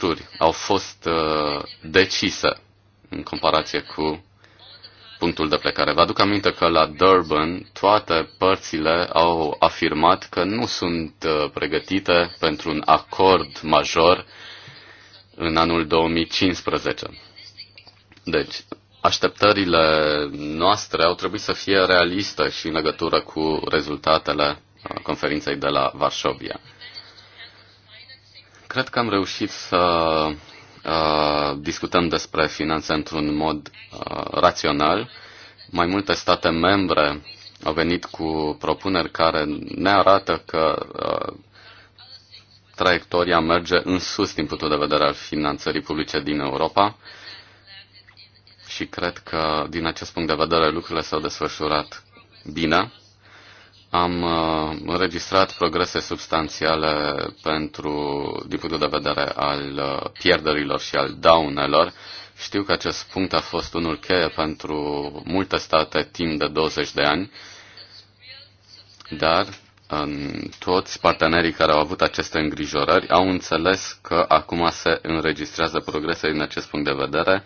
lucruri au fost uh, decise în comparație cu punctul de plecare. Vă aduc aminte că la Durban toate părțile au afirmat că nu sunt uh, pregătite pentru un acord major în anul 2015. Deci, așteptările noastre au trebuit să fie realiste și în legătură cu rezultatele uh, conferinței de la Varșovia. Cred că am reușit să uh, discutăm despre finanțe într-un mod uh, rațional. Mai multe state membre au venit cu propuneri care ne arată că uh, traiectoria merge în sus din punctul de vedere al finanțării publice din Europa și cred că din acest punct de vedere lucrurile s-au desfășurat bine am uh, înregistrat progrese substanțiale pentru, din punctul de vedere al uh, pierderilor și al daunelor. Știu că acest punct a fost unul cheie pentru multe state timp de 20 de ani, dar um, toți partenerii care au avut aceste îngrijorări au înțeles că acum se înregistrează progrese din acest punct de vedere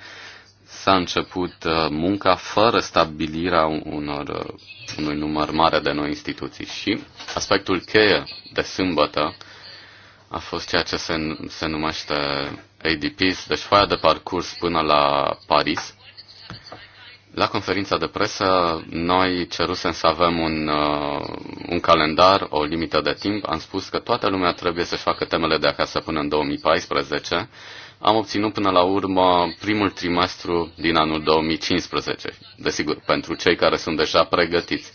s-a început uh, munca fără stabilirea unor, uh, unui număr mare de noi instituții și aspectul cheie de sâmbătă a fost ceea ce se, se numește ADPs, deci foaia de parcurs până la Paris. La conferința de presă, noi cerusem să avem un, uh, un calendar, o limită de timp. Am spus că toată lumea trebuie să-și facă temele de acasă până în 2014 am obținut până la urmă primul trimestru din anul 2015. Desigur, pentru cei care sunt deja pregătiți.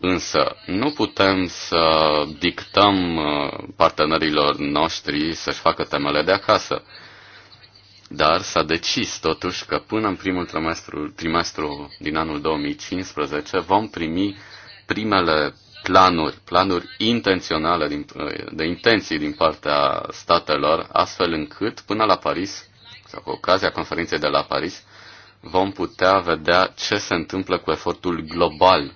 Însă nu putem să dictăm uh, partenerilor noștri să-și facă temele de acasă. Dar s-a decis totuși că până în primul trimestru, trimestru din anul 2015 vom primi primele planuri, planuri intenționale din, de intenții din partea statelor, astfel încât până la Paris, sau cu ocazia conferinței de la Paris, vom putea vedea ce se întâmplă cu efortul global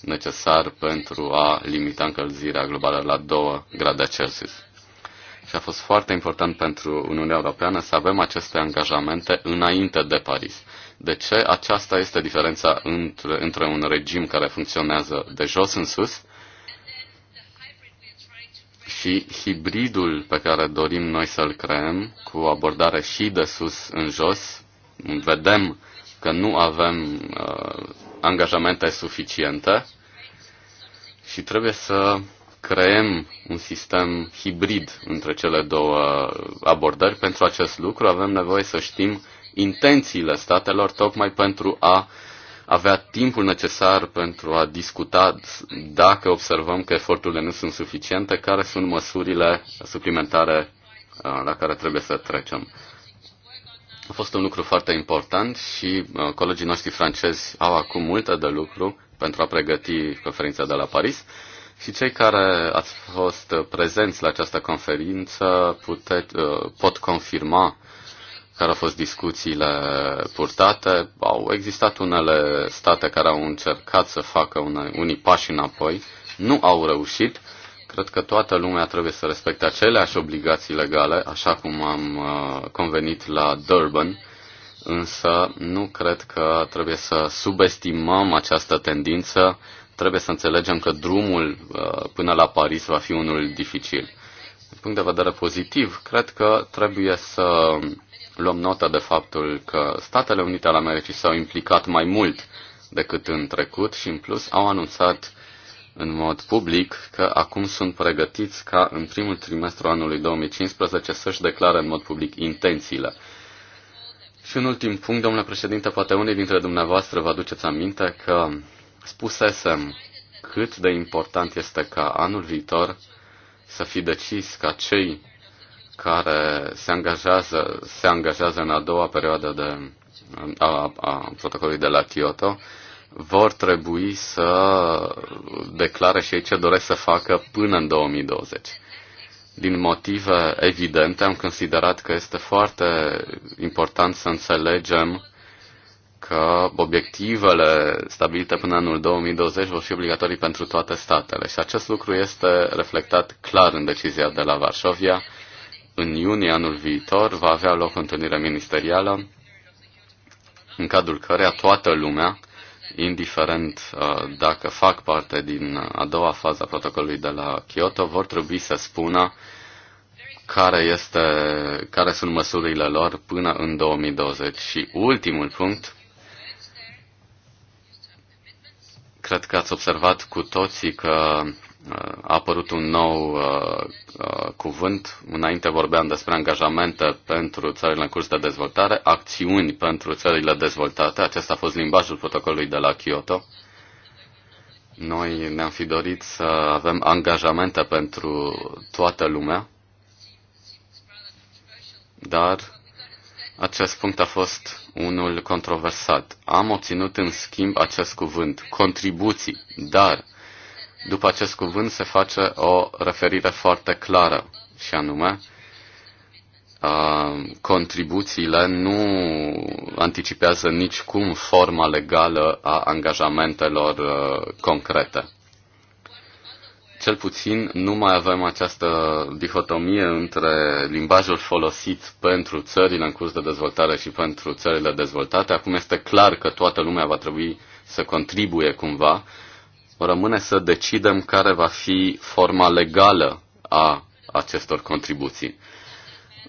necesar pentru a limita încălzirea globală la 2 grade Celsius. Și a fost foarte important pentru Uniunea Europeană să avem aceste angajamente înainte de Paris. De ce? Aceasta este diferența între, între un regim care funcționează de jos în sus și hibridul pe care dorim noi să-l creăm, cu abordare și de sus în jos, vedem că nu avem uh, angajamente suficiente și trebuie să creăm un sistem hibrid între cele două abordări. Pentru acest lucru avem nevoie să știm intențiile statelor tocmai pentru a uh, avea timpul necesar pentru a discuta dacă observăm că eforturile nu sunt suficiente, care sunt măsurile suplimentare uh, la care trebuie să trecem. A fost un lucru foarte important și uh, colegii noștri francezi au acum multe de lucru pentru a pregăti conferința de la Paris. Și cei care ați fost prezenți la această conferință pute, uh, pot confirma care au fost discuțiile purtate. Au existat unele state care au încercat să facă une, unii pași înapoi, nu au reușit. Cred că toată lumea trebuie să respecte aceleași obligații legale, așa cum am uh, convenit la Durban, însă nu cred că trebuie să subestimăm această tendință. Trebuie să înțelegem că drumul uh, până la Paris va fi unul dificil. Din punct de vedere pozitiv, cred că trebuie să Luăm notă de faptul că Statele Unite ale Americii s-au implicat mai mult decât în trecut și, în plus, au anunțat în mod public că acum sunt pregătiți ca în primul trimestru anului 2015 să-și declare în mod public intențiile. Și un ultim punct, domnule președinte, poate unii dintre dumneavoastră vă aduceți aminte că spusesem cât de important este ca anul viitor să fi decis ca cei care se angajează, se angajează în a doua perioadă de, a, a protocolului de la Kyoto vor trebui să declare și ei ce doresc să facă până în 2020. Din motive evidente am considerat că este foarte important să înțelegem că obiectivele stabilite până anul 2020 vor fi obligatorii pentru toate statele și acest lucru este reflectat clar în decizia de la Varșovia în iunie anul viitor va avea loc o întâlnire ministerială în cadrul căreia toată lumea, indiferent uh, dacă fac parte din uh, a doua fază a protocolului de la Kyoto, vor trebui să spună care, este, care sunt măsurile lor până în 2020. Și ultimul punct, cred că ați observat cu toții că a apărut un nou uh, uh, cuvânt. Înainte vorbeam despre angajamente pentru țările în curs de dezvoltare, acțiuni pentru țările dezvoltate. Acesta a fost limbajul protocolului de la Kyoto. Noi ne-am fi dorit să avem angajamente pentru toată lumea, dar acest punct a fost unul controversat. Am obținut în schimb acest cuvânt, contribuții, dar după acest cuvânt se face o referire foarte clară, și anume contribuțiile nu anticipează nicicum forma legală a angajamentelor concrete. Cel puțin nu mai avem această dihotomie între limbajul folosit pentru țările în curs de dezvoltare și pentru țările dezvoltate. Acum este clar că toată lumea va trebui să contribuie cumva rămâne să decidem care va fi forma legală a acestor contribuții.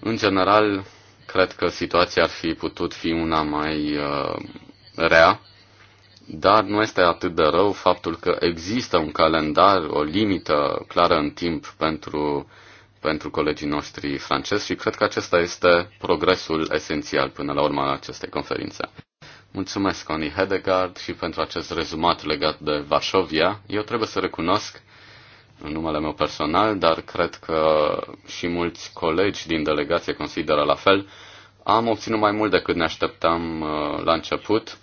În general, cred că situația ar fi putut fi una mai uh, rea, dar nu este atât de rău faptul că există un calendar, o limită clară în timp pentru, pentru colegii noștri francezi și cred că acesta este progresul esențial până la urma acestei conferințe. Mulțumesc, Connie Hedegaard, și pentru acest rezumat legat de Varsovia. Eu trebuie să recunosc în numele meu personal, dar cred că și mulți colegi din delegație consideră la fel. Am obținut mai mult decât ne așteptam uh, la început.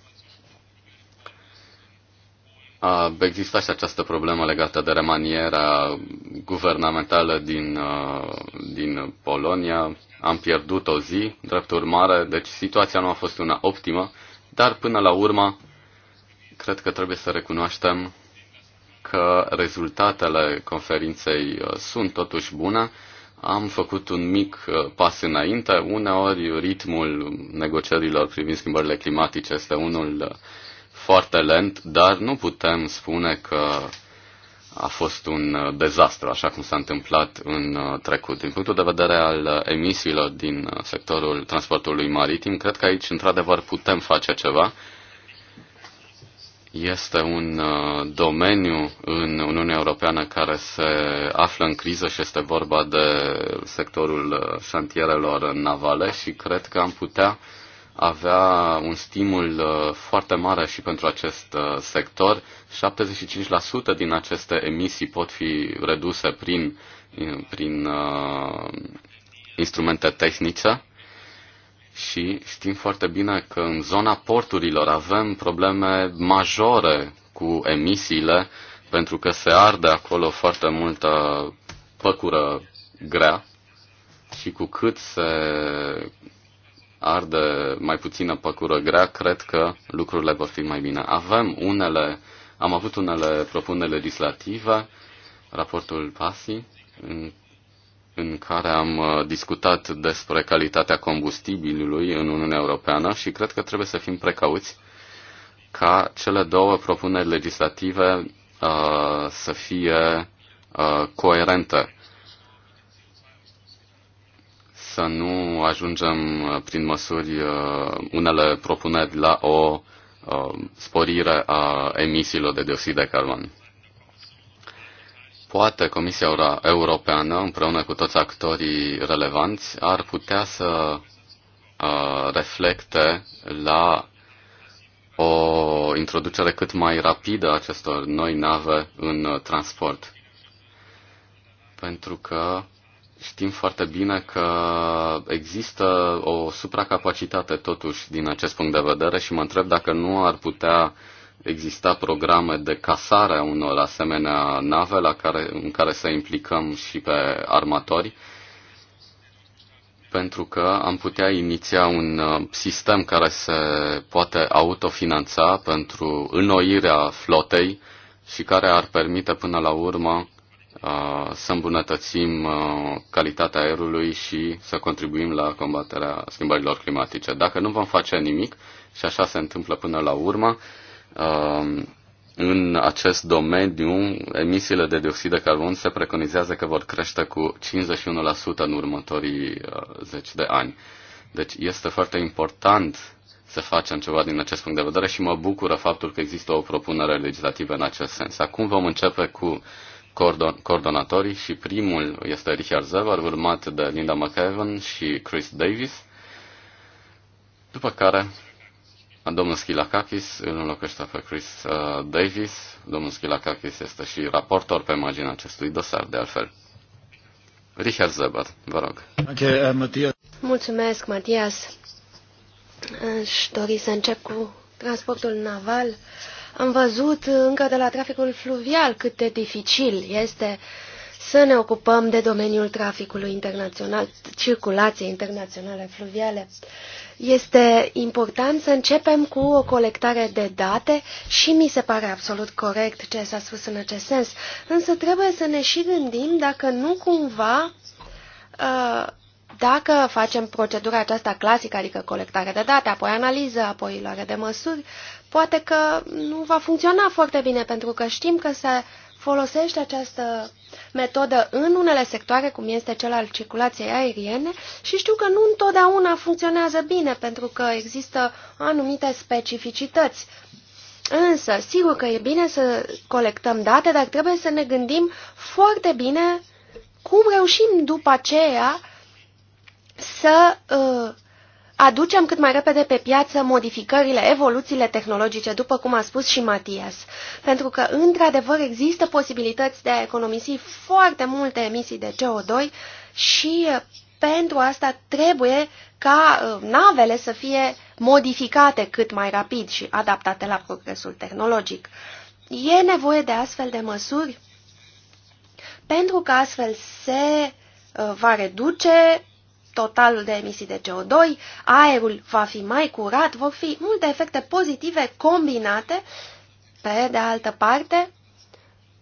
A existat și această problemă legată de remaniera guvernamentală din, uh, din Polonia. Am pierdut o zi, drept urmare, deci situația nu a fost una optimă dar până la urmă, cred că trebuie să recunoaștem că rezultatele conferinței uh, sunt totuși bune. Am făcut un mic uh, pas înainte. Uneori ritmul negocierilor privind schimbările climatice este unul uh, foarte lent, dar nu putem spune că a fost un uh, dezastru, așa cum s-a întâmplat în uh, trecut. Din punctul de vedere al uh, emisiilor din sectorul transportului maritim, cred că aici, într-adevăr, putem face ceva. Este un domeniu în Uniunea Europeană care se află în criză și este vorba de sectorul șantierelor navale și cred că am putea uh, avea un stimul uh, foarte mare și pentru acest uh, sector. 75% din aceste emisii pot fi reduse prin, uh, prin uh, instrumente tehnice și știm foarte bine că în zona porturilor avem probleme majore cu emisiile pentru că se arde acolo foarte multă păcură grea și cu cât se arde mai puțină păcură grea, cred că lucrurile vor fi mai bine. Avem unele, am avut unele propuneri legislative, raportul PASI, în, în care am uh, discutat despre calitatea combustibilului în Uniunea Europeană și cred că trebuie să fim precauți ca cele două propuneri legislative uh, să fie uh, coerente să nu ajungem uh, prin măsuri uh, unele propuneri la o uh, sporire a emisiilor de dioxid de carbon. Poate Comisia Europeană, împreună cu toți actorii relevanți, ar putea să reflecte la o introducere cât mai rapidă a acestor noi nave în transport. Pentru că Știm foarte bine că există o supracapacitate totuși din acest punct de vedere și mă întreb dacă nu ar putea exista programe de casare a unor asemenea nave la care, în care să implicăm și pe armatori, pentru că am putea iniția un uh, sistem care se poate autofinanța pentru înnoirea flotei și care ar permite până la urmă să îmbunătățim calitatea aerului și să contribuim la combaterea schimbărilor climatice. Dacă nu vom face nimic, și așa se întâmplă până la urmă, în acest domeniu, emisiile de dioxid de carbon se preconizează că vor crește cu 51% în următorii 10 de ani. Deci este foarte important să facem ceva din acest punct de vedere și mă bucură faptul că există o propunere legislativă în acest sens. Acum vom începe cu coordon- coordonatorii și primul este Richard Zevar, urmat de Linda McEwan și Chris Davis, după care domnul Schilakakis îl înlocuiește pe Chris uh, Davis. Domnul Schilakakis este și raportor pe imaginea acestui dosar, de altfel. Richard Zebar, vă rog. Okay, uh, Mulțumesc, Matias. Aș dori să încep cu transportul naval. Uh, am văzut încă de la traficul fluvial cât de dificil este să ne ocupăm de domeniul traficului internațional, circulației internaționale fluviale. Este important să începem cu o colectare de date și mi se pare absolut corect ce s-a spus în acest sens. Însă trebuie să ne și gândim dacă nu cumva uh, dacă facem procedura aceasta clasică, adică colectare de date, apoi analiză, apoi luare de măsuri, poate că nu va funcționa foarte bine, pentru că știm că se folosește această metodă în unele sectoare, cum este cel al circulației aeriene, și știu că nu întotdeauna funcționează bine, pentru că există anumite specificități. Însă, sigur că e bine să colectăm date, dar trebuie să ne gândim foarte bine cum reușim după aceea să uh, aducem cât mai repede pe piață modificările, evoluțiile tehnologice, după cum a spus și Matias. Pentru că, într-adevăr, există posibilități de a economisi foarte multe emisii de CO2 și uh, pentru asta trebuie ca uh, navele să fie modificate cât mai rapid și adaptate la progresul tehnologic. E nevoie de astfel de măsuri pentru că astfel se uh, va reduce totalul de emisii de CO2, aerul va fi mai curat, vor fi multe efecte pozitive combinate. Pe de altă parte,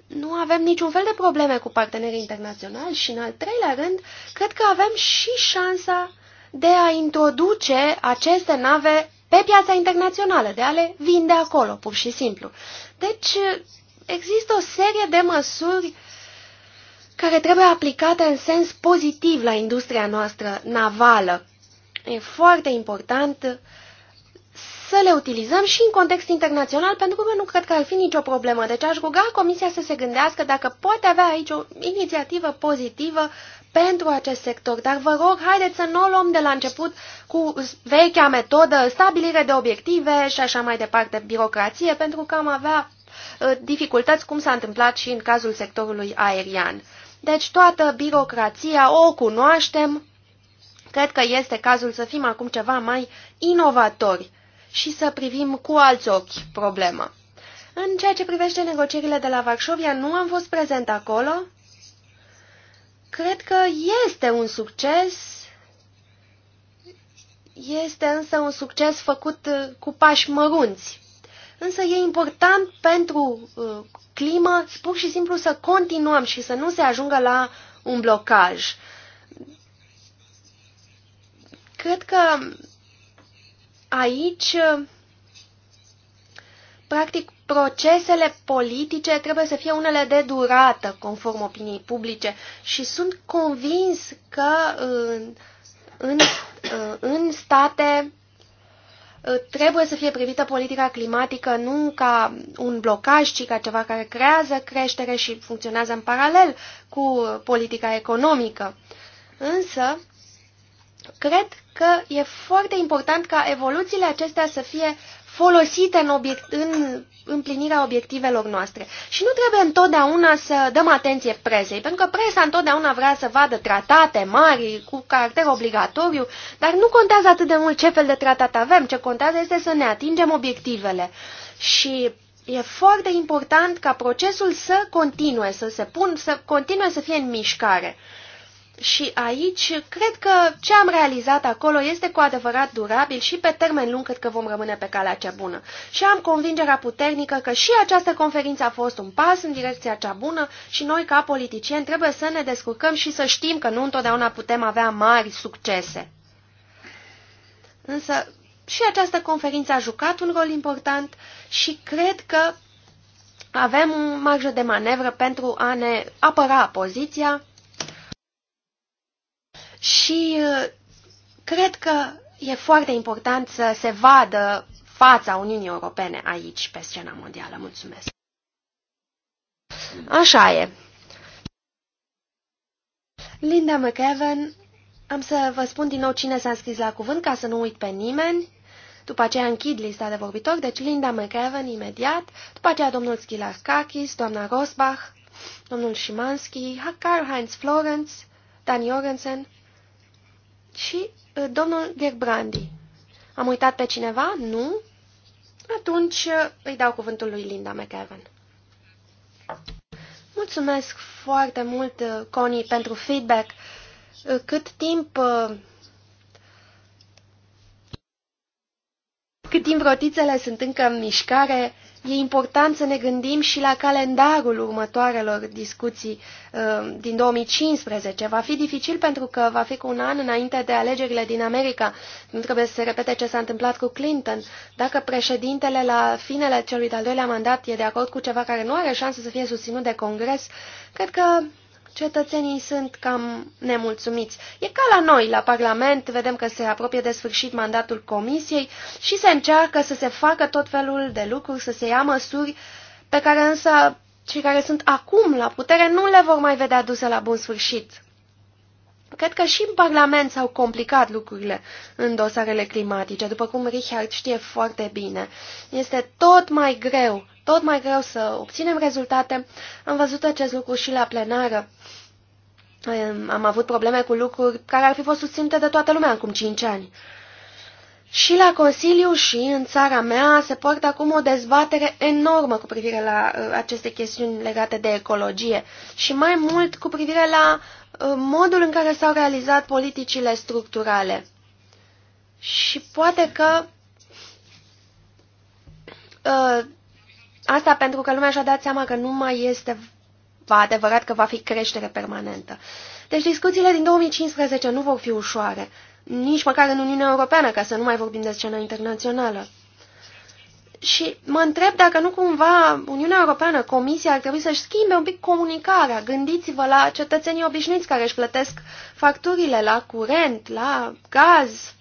nu avem niciun fel de probleme cu partenerii internaționali și, în al treilea rând, cred că avem și șansa de a introduce aceste nave pe piața internațională, de a le vinde acolo, pur și simplu. Deci, există o serie de măsuri uh, care trebuie aplicate în sens pozitiv la industria noastră navală. E foarte important să le utilizăm și în context internațional, pentru că nu cred că ar fi nicio problemă. Deci aș ruga Comisia să se gândească dacă poate avea aici o inițiativă pozitivă pentru acest sector. Dar vă rog, haideți să nu o luăm de la început cu vechea metodă, stabilire de obiective și așa mai departe, birocrație, pentru că am avea uh, dificultăți, cum s-a întâmplat și în cazul sectorului aerian. Deci toată birocrația o cunoaștem. Cred că este cazul să fim acum ceva mai inovatori și să privim cu alți ochi problema. În ceea ce privește negocierile de la Varșovia, nu am fost prezent acolo. Cred că este un succes. Este însă un succes făcut uh, cu pași mărunți. Însă e important pentru uh, climă, pur și simplu să continuăm și să nu se ajungă la un blocaj. Cred că aici, practic, procesele politice trebuie să fie unele de durată, conform opiniei publice, și sunt convins că în, în, în state Uh, trebuie să fie privită politica climatică nu ca un blocaj, ci ca ceva care creează creștere și funcționează în paralel cu politica economică. Însă, cred că e foarte important ca evoluțiile acestea să fie folosite în, obiect, în împlinirea obiectivelor noastre. Și nu trebuie întotdeauna să dăm atenție presei, pentru că presa întotdeauna vrea să vadă tratate mari, cu caracter obligatoriu, dar nu contează atât de mult ce fel de tratat avem, ce contează este să ne atingem obiectivele. Și e foarte important ca procesul să continue, să se pun, să continue să fie în mișcare. Uh, și aici, cred că ce am realizat acolo este cu adevărat durabil și pe termen lung cred că vom rămâne pe calea cea bună. Și am convingerea puternică că și această conferință a fost un pas în direcția cea bună și noi, ca politicieni, trebuie să ne descurcăm și să știm că nu întotdeauna putem avea mari succese. Însă și această conferință a jucat un rol important și cred că avem un marjă de manevră pentru a ne apăra poziția și uh, cred că e foarte important să se vadă fața Uniunii Europene aici, pe scena mondială. Mulțumesc! Așa e. Linda McEwen, am să vă spun din nou cine s-a scris la cuvânt ca să nu uit pe nimeni. După aceea închid lista de vorbitori, deci Linda McEwen imediat, după aceea domnul Schilarkakis, doamna Rosbach, domnul Szymanski, Karl-Heinz Florence, Dan Jorgensen, și uh, domnul Gerbrandi. Am uitat pe cineva? Nu? Atunci uh, îi dau cuvântul lui Linda McEwan. Mulțumesc foarte mult, uh, Connie, pentru feedback. Cât timp... Cât timp rotițele sunt încă în mișcare, E important să ne gândim și la calendarul următoarelor discuții uh, din 2015. Va fi dificil pentru că va fi cu un an înainte de alegerile din America. Nu trebuie să se repete ce s-a întâmplat cu Clinton. Dacă președintele la finele celui de-al doilea mandat e de acord cu ceva care nu are șansă să fie susținut de Congres, cred că cetățenii sunt cam nemulțumiți. E ca la noi, la Parlament, vedem că se apropie de sfârșit mandatul Comisiei și se încearcă să se facă tot felul de lucruri, să se ia măsuri pe care însă cei care sunt acum la putere nu le vor mai vedea duse la bun sfârșit. Cred că și în Parlament s-au complicat lucrurile în dosarele climatice, după cum Richard știe foarte bine. Este tot mai greu tot mai greu să obținem rezultate. Am văzut acest lucru și la plenară. Am avut probleme cu lucruri care ar fi fost susținute de toată lumea acum 5 ani. Și la Consiliu și în țara mea se poartă acum o dezbatere enormă cu privire la uh, aceste chestiuni legate de ecologie și mai mult cu privire la uh, modul în care s-au realizat politicile structurale. Și poate că uh, Asta pentru că lumea și-a dat seama că nu mai este adevărat că va fi creștere permanentă. Deci discuțiile din 2015 nu vor fi ușoare, nici măcar în Uniunea Europeană, ca să nu mai vorbim de scena internațională. Și mă întreb dacă nu cumva Uniunea Europeană, Comisia, ar trebui să-și schimbe un pic comunicarea. Gândiți-vă la cetățenii obișnuiți care își plătesc facturile la curent, la gaz.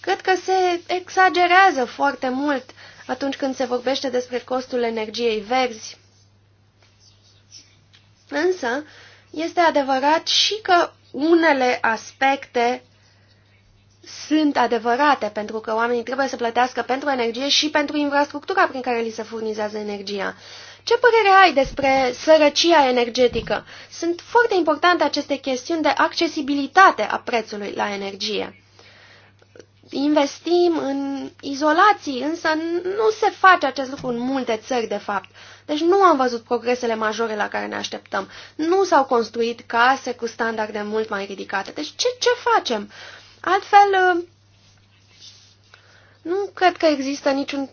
Cred că se exagerează foarte mult atunci când se vorbește despre costul energiei verzi. Însă, este adevărat și că unele aspecte sunt adevărate, pentru că oamenii trebuie să plătească pentru energie și pentru infrastructura prin care li se furnizează energia. Ce părere ai despre sărăcia energetică? Sunt foarte importante aceste chestiuni de accesibilitate a prețului la energie investim în izolații, însă nu se face acest lucru în multe țări, de fapt. Deci nu am văzut progresele majore la care ne așteptăm. Nu s-au construit case cu standarde mult mai ridicate. Deci ce, ce facem? Altfel, nu cred că există niciun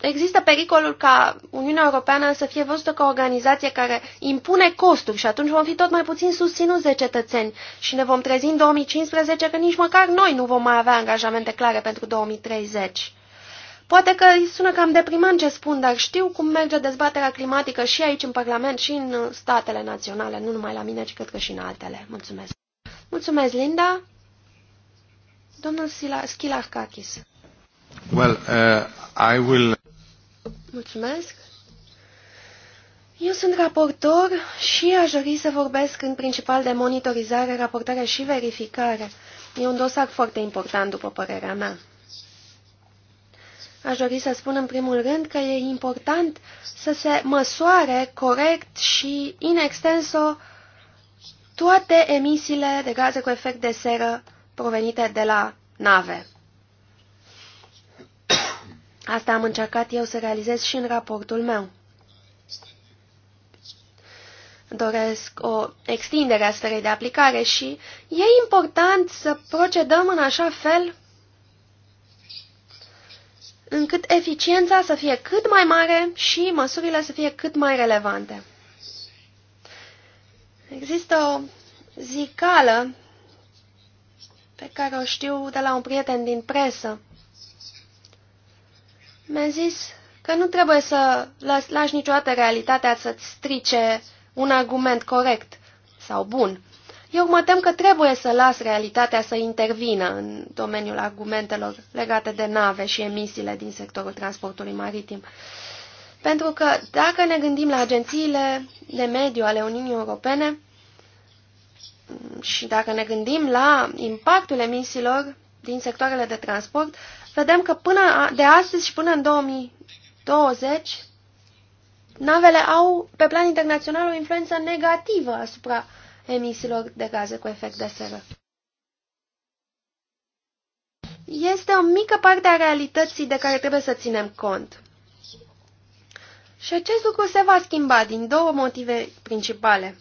există pericolul ca Uniunea Europeană să fie văzută ca o organizație care impune costuri și atunci vom fi tot mai puțin susținuți de cetățeni și ne vom trezi în 2015 că nici măcar noi nu vom mai avea angajamente clare pentru 2030. Poate că sună cam deprimant ce spun, dar știu cum merge dezbaterea climatică și aici în Parlament și în statele naționale, nu numai la mine, ci cred că și în altele. Mulțumesc. Mulțumesc, Linda. Domnul Schilachakis. Well, uh, I will... Mulțumesc. Eu sunt raportor și aș dori să vorbesc în principal de monitorizare, raportare și verificare. E un dosar foarte important, după părerea mea. Aș dori să spun în primul rând că e important să se măsoare corect și in extenso toate emisiile de gaze cu efect de seră provenite de la nave. Asta am încercat eu să realizez și în raportul meu. Doresc o extindere a sferei de aplicare și e important să procedăm în așa fel încât eficiența să fie cât mai mare și măsurile să fie cât mai relevante. Există o zicală pe care o știu de la un prieten din presă. Mi-a zis că nu trebuie să lași niciodată realitatea să-ți strice un argument corect sau bun. Eu mă tem că trebuie să las realitatea să intervină în domeniul argumentelor legate de nave și emisiile din sectorul transportului maritim. Pentru că dacă ne gândim la agențiile de mediu ale Uniunii Europene și dacă ne gândim la impactul emisiilor din sectoarele de transport, vedem că până de astăzi și până în 2020, navele au, pe plan internațional, o influență negativă asupra emisiilor de gaze cu efect de seră. Este o mică parte a realității de care trebuie să ținem cont. Și acest lucru se va schimba din două motive principale.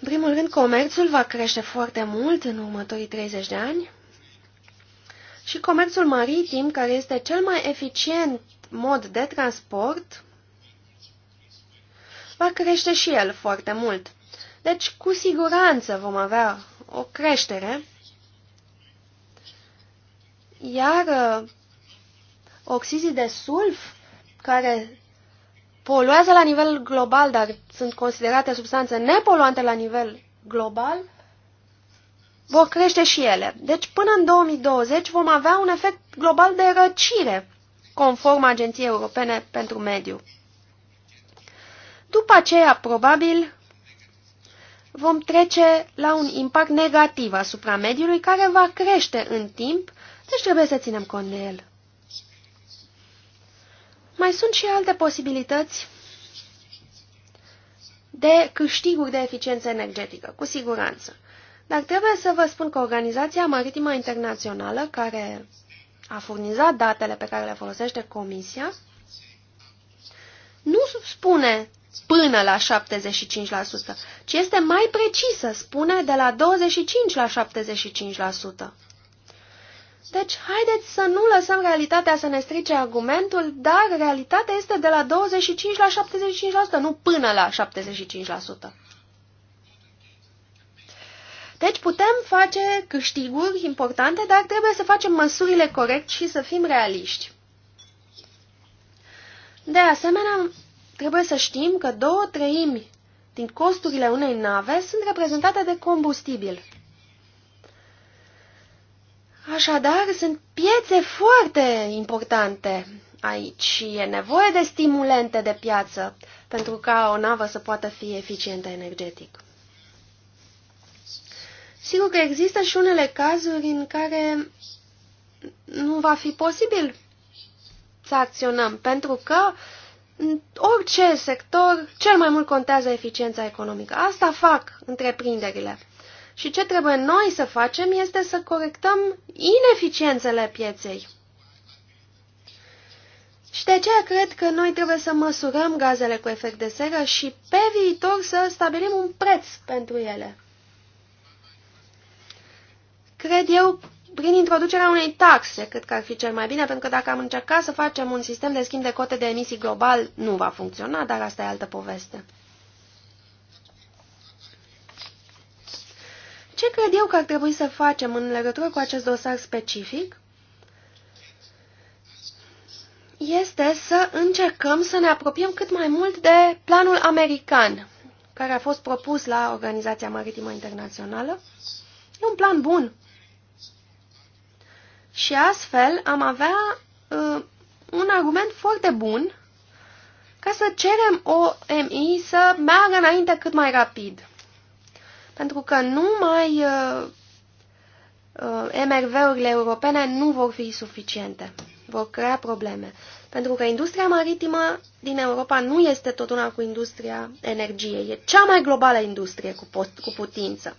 În primul rând, comerțul va crește foarte mult în următorii 30 de ani și comerțul maritim, care este cel mai eficient mod de transport, va crește și el foarte mult. Deci, cu siguranță vom avea o creștere, iar uh, oxizii de sulf, care poluează la nivel global, dar sunt considerate substanțe nepoluante la nivel global, vor crește și ele. Deci până în 2020 vom avea un efect global de răcire, conform Agenției Europene pentru Mediu. După aceea, probabil, vom trece la un impact negativ asupra mediului care va crește în timp, deci trebuie să ținem cont de el. Mai sunt și alte posibilități de câștiguri de eficiență energetică, cu siguranță. Dar trebuie să vă spun că Organizația Maritimă Internațională, care a furnizat datele pe care le folosește Comisia, nu spune până la 75%, ci este mai precisă, spune de la 25 la 75%. Deci, haideți să nu lăsăm realitatea să ne strice argumentul, dar realitatea este de la 25 la 75%, nu până la 75%. Deci putem face câștiguri importante, dar trebuie să facem măsurile corect și să fim realiști. De asemenea, trebuie să știm că două treimi din costurile unei nave sunt reprezentate de combustibil. Așadar, sunt piețe foarte importante aici și e nevoie de stimulente de piață pentru ca o navă să poată fi eficientă energetic. Sigur că există și unele cazuri în care nu va fi posibil să acționăm, pentru că în orice sector, cel mai mult contează eficiența economică. Asta fac întreprinderile. Și ce trebuie noi să facem este să corectăm ineficiențele pieței. Și de aceea cred că noi trebuie să măsurăm gazele cu efect de seră și pe viitor să stabilim un preț pentru ele cred eu, prin introducerea unei taxe, cred că ar fi cel mai bine, pentru că dacă am încercat să facem un sistem de schimb de cote de emisii global, nu va funcționa, dar asta e altă poveste. Ce cred eu că ar trebui să facem în legătură cu acest dosar specific? Este să încercăm să ne apropiem cât mai mult de planul american, care a fost propus la Organizația Maritimă Internațională. E un plan bun, și astfel am avea uh, un argument foarte bun ca să cerem OMI să meargă înainte cât mai rapid. Pentru că numai uh, uh, MRV-urile europene nu vor fi suficiente, vor crea probleme. Pentru că industria maritimă din Europa nu este totuna cu industria energiei, e cea mai globală industrie cu, cu putință.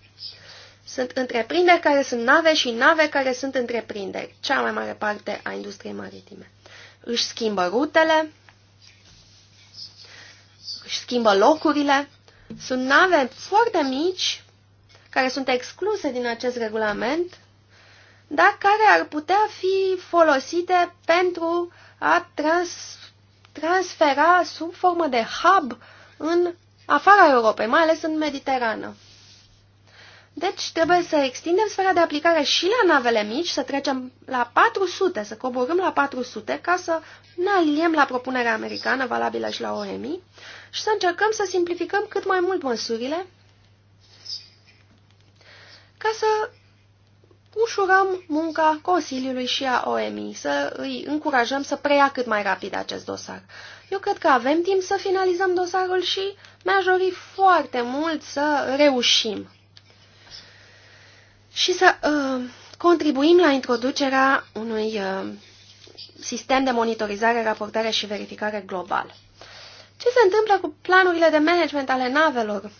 Sunt întreprinderi care sunt nave și nave care sunt întreprinderi. Cea mai mare parte a industriei maritime. Își schimbă rutele, își schimbă locurile. Sunt nave foarte mici care sunt excluse din acest regulament, dar care ar putea fi folosite pentru a trans transfera sub formă de hub în afara Europei, mai ales în Mediterană. Deci trebuie să extindem sfera de aplicare și la navele mici, să trecem la 400, să coborâm la 400 ca să ne aliem la propunerea americană valabilă și la OMI și să încercăm să simplificăm cât mai mult măsurile ca să ușurăm munca Consiliului și a OMI, să îi încurajăm să preia cât mai rapid acest dosar. Eu cred că avem timp să finalizăm dosarul și mi-aș dori foarte mult să reușim și să uh, contribuim la introducerea unui uh, sistem de monitorizare, raportare și verificare global. Ce se întâmplă cu planurile de management ale navelor?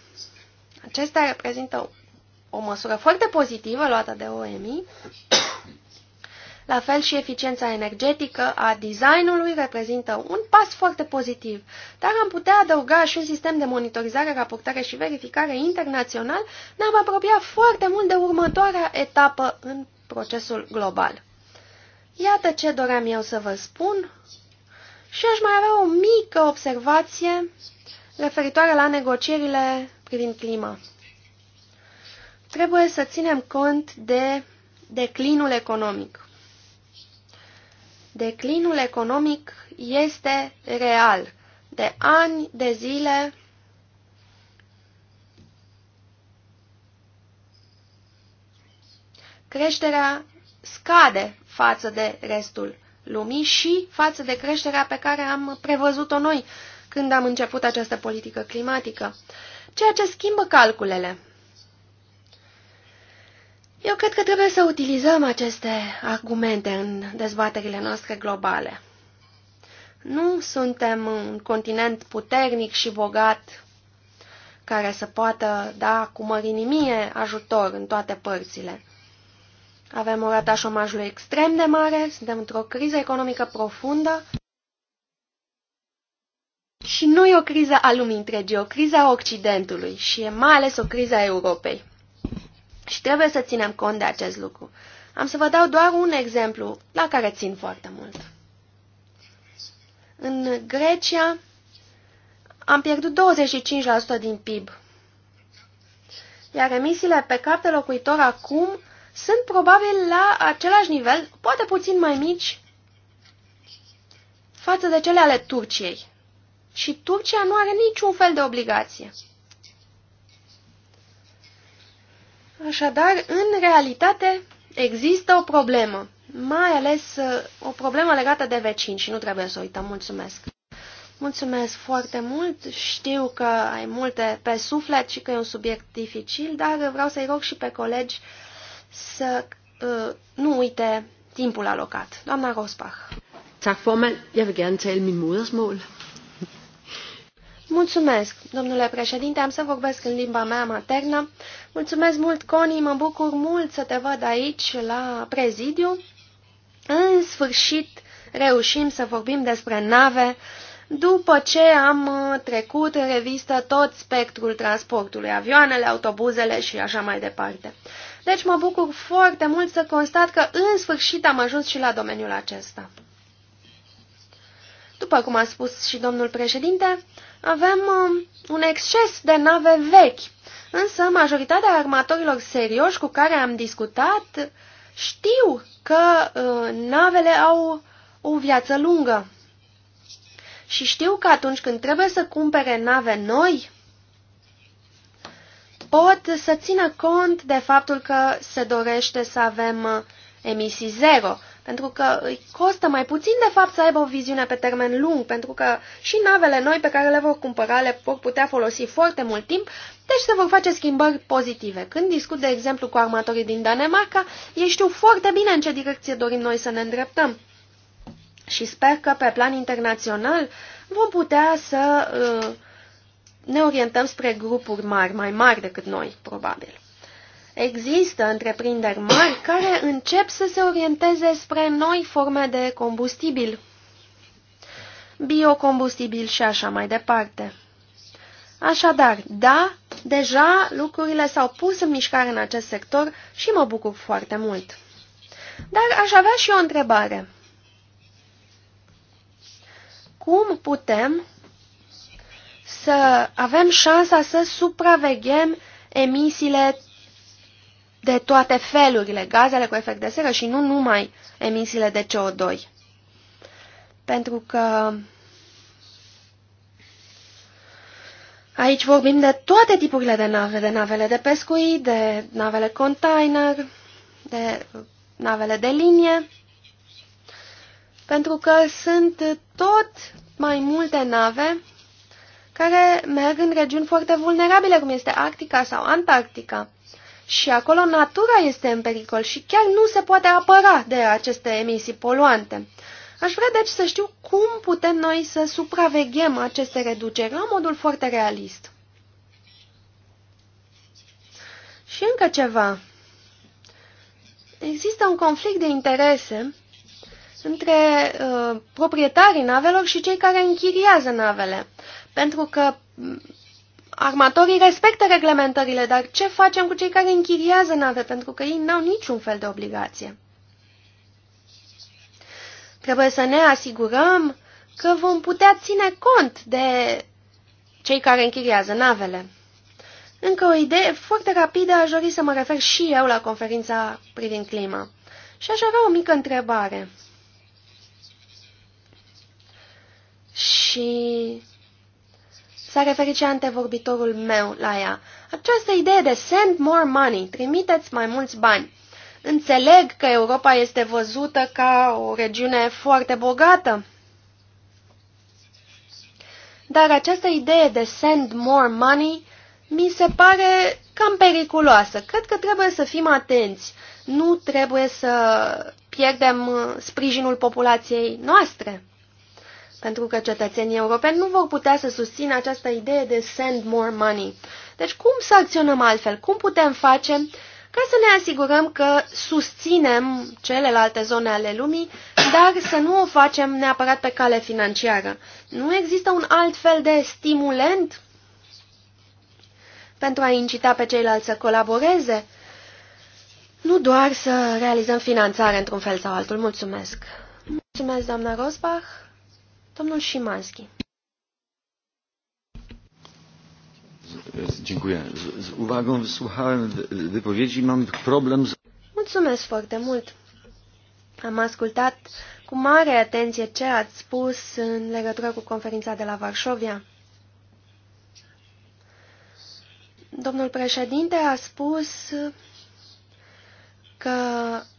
Acestea reprezintă o măsură foarte pozitivă luată de OMI la fel și eficiența energetică a designului reprezintă un pas foarte pozitiv, dar am putea adăuga și un sistem de monitorizare, raportare și verificare internațional, ne-am apropiat foarte mult de următoarea etapă în procesul global. Iată ce doream eu să vă spun și aș mai avea o mică observație referitoare la negocierile privind clima. Trebuie să ținem cont de declinul economic. Declinul economic este real. De ani, de zile, creșterea scade față de restul lumii și față de creșterea pe care am prevăzut-o noi când am început această politică climatică, ceea ce schimbă calculele. Eu cred că trebuie să utilizăm aceste argumente în dezbaterile noastre globale. Nu suntem un continent puternic și bogat care să poată da cu mărinimie ajutor în toate părțile. Avem o rata șomajului extrem de mare, suntem într-o criză economică profundă și nu e o criză a lumii întregi, e o criză a Occidentului și e mai ales o criză a Europei. Și trebuie să ținem cont de acest lucru. Am să vă dau doar un exemplu la care țin foarte mult. În Grecia am pierdut 25% din PIB, iar emisiile pe cap de locuitor acum sunt probabil la același nivel, poate puțin mai mici, față de cele ale Turciei. Și Turcia nu are niciun fel de obligație. Așadar, în realitate există o problemă, mai ales uh, o problemă legată de vecini și nu trebuie să o uităm. Mulțumesc! Mulțumesc foarte mult, știu că ai multe pe suflet și că e un subiect dificil, dar vreau să-i rog și pe colegi să uh, nu uite timpul alocat. Doamna Rosbach. Tak formand. Jeg vil gerne tale min modersmål. Mulțumesc, domnule președinte, am să vorbesc în limba mea maternă. Mulțumesc mult, Coni, mă bucur mult să te văd aici la prezidiu. În sfârșit reușim să vorbim despre nave după ce am trecut în revistă tot spectrul transportului, avioanele, autobuzele și așa mai departe. Deci mă bucur foarte mult să constat că în sfârșit am ajuns și la domeniul acesta. După cum a spus și domnul președinte, avem um, un exces de nave vechi, însă majoritatea armatorilor serioși cu care am discutat știu că uh, navele au o viață lungă și știu că atunci când trebuie să cumpere nave noi, pot să țină cont de faptul că se dorește să avem uh, emisii zero pentru că îi costă mai puțin, de fapt, să aibă o viziune pe termen lung, pentru că și navele noi pe care le vor cumpăra le vor putea folosi foarte mult timp, deci se vor face schimbări pozitive. Când discut, de exemplu, cu armatorii din Danemarca, ei știu foarte bine în ce direcție dorim noi să ne îndreptăm. Și sper că pe plan internațional vom putea să uh, ne orientăm spre grupuri mari, mai mari decât noi, probabil. Există întreprinderi mari care încep să se orienteze spre noi forme de combustibil, biocombustibil și așa mai departe. Așadar, da, deja lucrurile s-au pus în mișcare în acest sector și mă bucur foarte mult. Dar aș avea și o întrebare. Cum putem să avem șansa să supraveghem emisiile de toate felurile, gazele cu efect de seră și nu numai emisiile de CO2. Pentru că aici vorbim de toate tipurile de nave, de navele de pescuit, de navele container, de navele de linie, pentru că sunt tot mai multe nave care merg în regiuni foarte vulnerabile, cum este Arctica sau Antarctica și acolo natura este în pericol și chiar nu se poate apăra de aceste emisii poluante. Aș vrea deci să știu cum putem noi să supraveghem aceste reduceri la modul foarte realist. Și încă ceva. Există un conflict de interese între uh, proprietarii navelor și cei care închiriază navele. Pentru că armatorii respectă reglementările, dar ce facem cu cei care închiriază nave, pentru că ei n-au niciun fel de obligație? Trebuie să ne asigurăm că vom putea ține cont de cei care închiriază navele. Încă o idee foarte rapidă aș dori să mă refer și eu la conferința privind clima. Și aș avea o mică întrebare. Și S-a referit și antevorbitorul meu la ea. Această idee de send more money, trimiteți mai mulți bani. Înțeleg că Europa este văzută ca o regiune foarte bogată, dar această idee de send more money mi se pare cam periculoasă. Cred că trebuie să fim atenți. Nu trebuie să pierdem uh, sprijinul populației noastre. Pentru că cetățenii europeni nu vor putea să susțină această idee de send more money. Deci cum să acționăm altfel? Cum putem face ca să ne asigurăm că susținem celelalte zone ale lumii, dar să nu o facem neapărat pe cale financiară? Nu există un alt fel de stimulent pentru a incita pe ceilalți să colaboreze? Nu doar să realizăm finanțare într-un fel sau altul. Mulțumesc! Mulțumesc, doamna Rosbach! Domnul Șimanski. Dziękuję. Z, z uwagą wysłuchałem wypowiedzi. Mam problem z... Mulțumesc foarte mult. Am ascultat cu mare atenție ce ați spus în legătură cu conferința de la Varșovia. Domnul președinte a spus că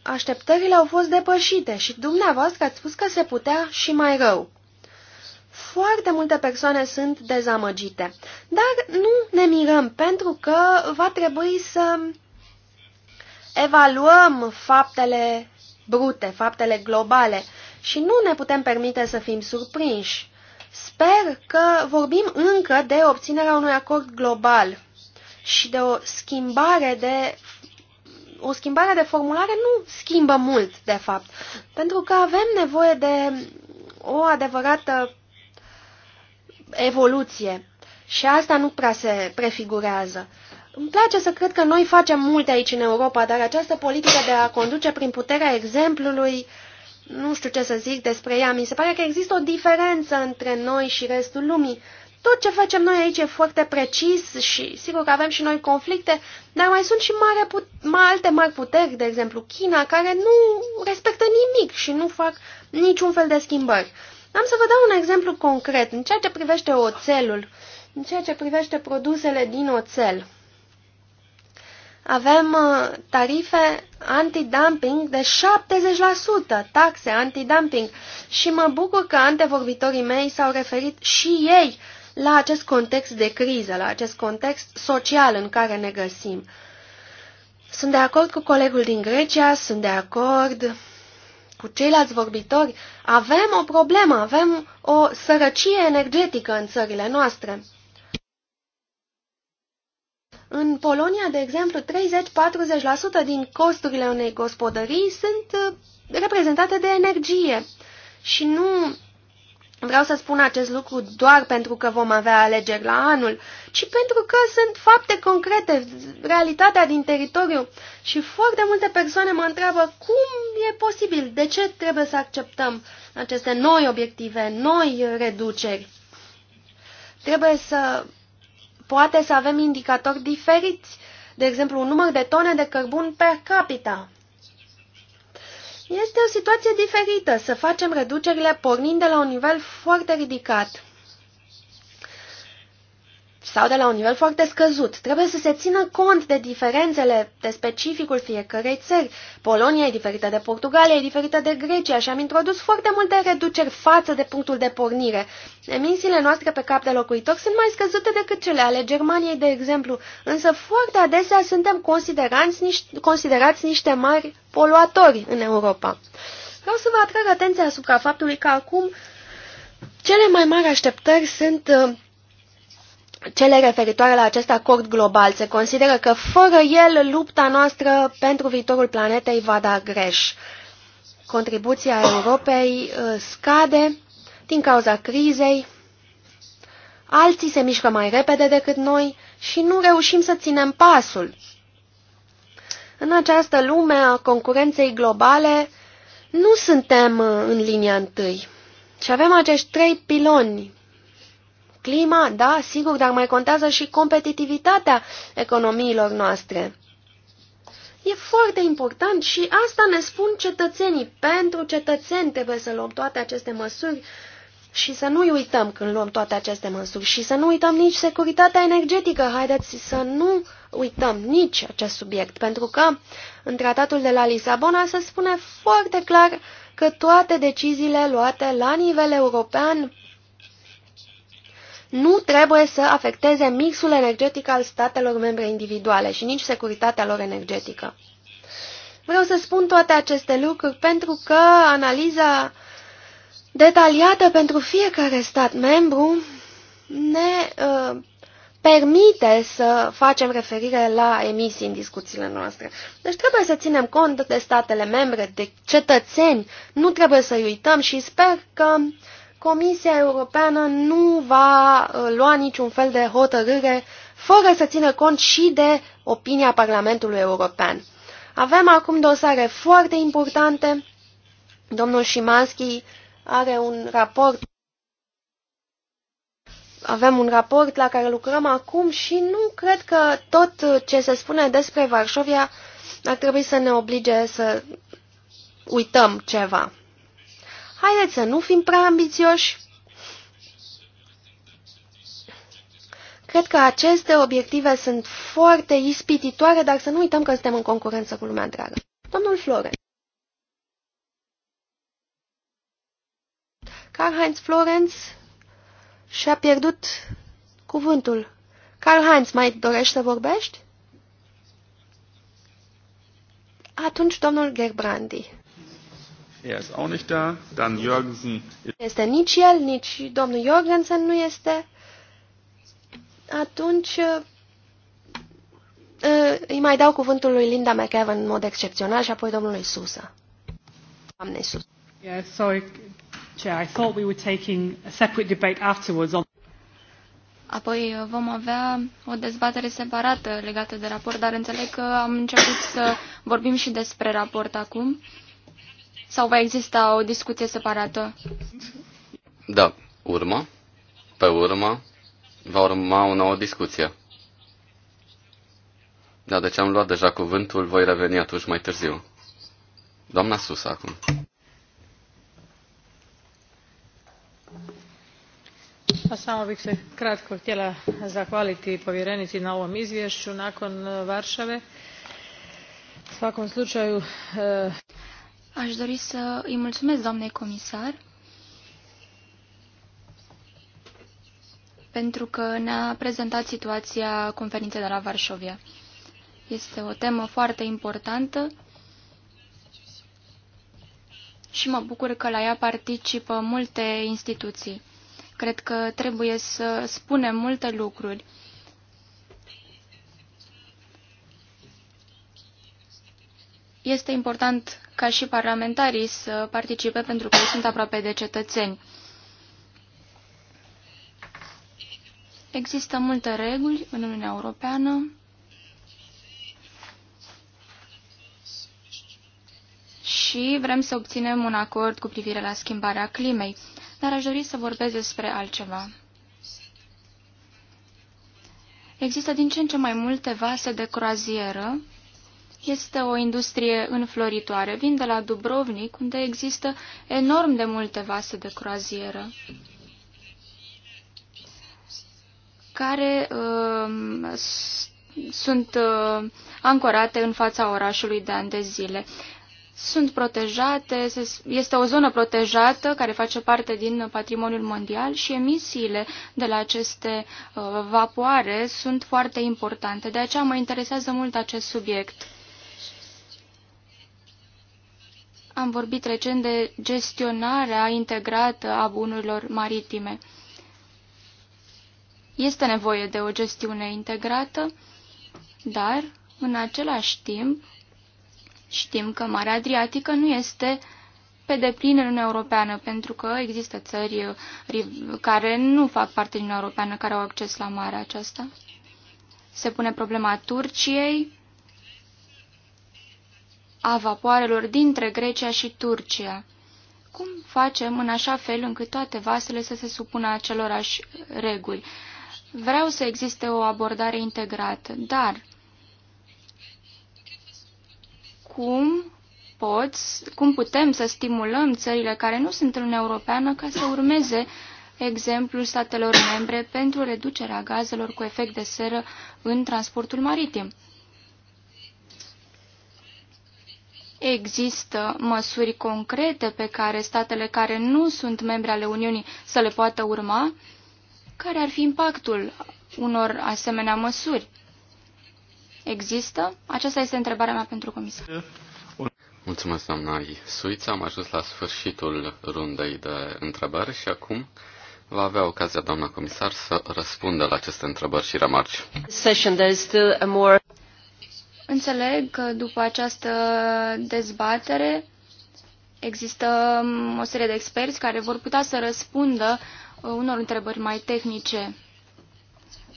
așteptările au fost depășite și dumneavoastră ați spus că se putea și mai rău. Foarte multe persoane sunt dezamăgite, dar nu ne mirăm pentru că va trebui să evaluăm faptele brute, faptele globale și nu ne putem permite să fim surprinși. Sper că vorbim încă de obținerea unui acord global și de o schimbare de o schimbare de formulare nu schimbă mult, de fapt, pentru că avem nevoie de o adevărată evoluție. Și asta nu prea se prefigurează. Îmi place să cred că noi facem multe aici în Europa, dar această politică de a conduce prin puterea exemplului, nu știu ce să zic despre ea, mi se pare că există o diferență între noi și restul lumii. Tot ce facem noi aici e foarte precis și sigur că avem și noi conflicte, dar mai sunt și mare put mai alte mari puteri, de exemplu China, care nu respectă nimic și nu fac niciun fel de schimbări. Am să vă dau un exemplu concret în ceea ce privește oțelul, în ceea ce privește produsele din oțel. Avem uh, tarife antidumping de 70%, taxe antidumping și mă bucur că antevorbitorii mei s-au referit și ei la acest context de criză, la acest context social în care ne găsim. Sunt de acord cu colegul din Grecia, sunt de acord cu ceilalți vorbitori, avem o problemă, avem o sărăcie energetică în țările noastre. În Polonia, de exemplu, 30-40% din costurile unei gospodării sunt uh, reprezentate de energie și nu Vreau să spun acest lucru doar pentru că vom avea alegeri la anul, ci pentru că sunt fapte concrete, realitatea din teritoriu și foarte multe persoane mă întreabă cum e posibil, de ce trebuie să acceptăm aceste noi obiective, noi reduceri. Trebuie să, poate să avem indicatori diferiți, de exemplu un număr de tone de cărbun per capita. Este o situație diferită să facem reducerile pornind de la un nivel foarte ridicat sau de la un nivel foarte scăzut. Trebuie să se țină cont de diferențele, de specificul fiecărei țări. Polonia e diferită de Portugalia, e diferită de Grecia și am introdus foarte multe reduceri față de punctul de pornire. Emisiile noastre pe cap de locuitor sunt mai scăzute decât cele ale Germaniei, de exemplu, însă foarte adesea suntem considerați niște, considerați niște mari poluatori în Europa. Vreau să vă atrag atenția asupra faptului că acum cele mai mari așteptări sunt uh, cele referitoare la acest acord global. Se consideră că fără el lupta noastră pentru viitorul planetei va da greș. Contribuția Europei uh, scade din cauza crizei, alții se mișcă mai repede decât noi și nu reușim să ținem pasul. În această lume a concurenței globale nu suntem uh, în linia întâi și avem acești trei piloni Clima, da, sigur, dar mai contează și competitivitatea economiilor noastre. E foarte important și asta ne spun cetățenii. Pentru cetățeni trebuie să luăm toate aceste măsuri și să nu uităm când luăm toate aceste măsuri și să nu uităm nici securitatea energetică. Haideți să nu uităm nici acest subiect, pentru că în tratatul de la Lisabona se spune foarte clar că toate deciziile luate la nivel european nu trebuie să afecteze mixul energetic al statelor membre individuale și nici securitatea lor energetică. Vreau să spun toate aceste lucruri pentru că analiza detaliată pentru fiecare stat membru ne uh, permite să facem referire la emisii în discuțiile noastre. Deci trebuie să ținem cont de statele membre, de cetățeni, nu trebuie să-i uităm și sper că Comisia Europeană nu va uh, lua niciun fel de hotărâre fără să țină cont și de opinia Parlamentului European. Avem acum dosare foarte importante. Domnul Șimanski are un raport. Avem un raport la care lucrăm acum și nu cred că tot ce se spune despre Varșovia ar trebui să ne oblige să uităm ceva. Haideți să nu fim prea ambițioși. Cred că aceste obiective sunt foarte ispititoare, dar să nu uităm că suntem în concurență cu lumea întreagă. Domnul Florent. Karl-Heinz Florenz și-a pierdut cuvântul. Karl-Heinz, mai dorești să vorbești? Atunci domnul Gerbrandi. Er ist auch nicht da. Dann Jürgensen. Este nici el, nici domnul Jorgensen nu este. Atunci uh, uh, îi mai dau cuvântul lui Linda McEwan în mod excepțional și apoi domnului Susa. Doamne Susa. Yeah, sorry, Chair. I thought we were taking a separate debate afterwards on Apoi uh, vom avea o dezbatere separată legată de raport, dar înțeleg că am început să vorbim și despre raport acum sau va exista o discuție separată? Da, urmă. Pe urmă va urma o nouă discuție. Da, deci am luat deja cuvântul, voi reveni atunci mai târziu. Doamna Sus, acum. Pa samo bih se kratko htjela zahvaliti povjerenici na ovom izvješću nakon Varšave. U svakom slučaju... Aș dori să îi mulțumesc, doamnei comisar, pentru că ne-a prezentat situația conferinței de la Varșovia. Este o temă foarte importantă și mă bucur că la ea participă multe instituții. Cred că trebuie să spunem multe lucruri. Este important ca și parlamentarii să participe pentru că sunt aproape de cetățeni. Există multe reguli în Uniunea Europeană și vrem să obținem un acord cu privire la schimbarea climei, dar aș dori să vorbesc despre altceva. Există din ce în ce mai multe vase de croazieră este o industrie înfloritoare. Vin de la Dubrovnik, unde există enorm de multe vase de croazieră care uh, sunt uh, ancorate în fața orașului de ani de zile. Sunt protejate, este o zonă protejată care face parte din patrimoniul mondial și emisiile de la aceste uh, vapoare sunt foarte importante. De aceea mă interesează mult acest subiect. Am vorbit recent de gestionarea integrată a bunurilor maritime. Este nevoie de o gestiune integrată, dar, în același timp, știm că Marea Adriatică nu este pe deplin în Uniunea Europeană, pentru că există țări care nu fac parte din Uniunea Europeană, care au acces la marea aceasta. Se pune problema Turciei, a vapoarelor dintre Grecia și Turcia. Cum facem în așa fel încât toate vasele să se supună acelorași reguli? Vreau să existe o abordare integrată, dar cum poți, cum putem să stimulăm țările care nu sunt în Europeană ca să urmeze exemplul statelor membre pentru reducerea gazelor cu efect de seră în transportul maritim? Există măsuri concrete pe care statele care nu sunt membre ale Uniunii să le poată urma? Care ar fi impactul unor asemenea măsuri? Există? Aceasta este întrebarea mea pentru comisar. Mulțumesc, doamna Suița. Am ajuns la sfârșitul rundei de întrebări și acum va avea ocazia doamna comisar să răspundă la aceste întrebări și remarci. Session, more... Înțeleg că după această dezbatere există o serie de experți care vor putea să răspundă uh, unor întrebări mai tehnice.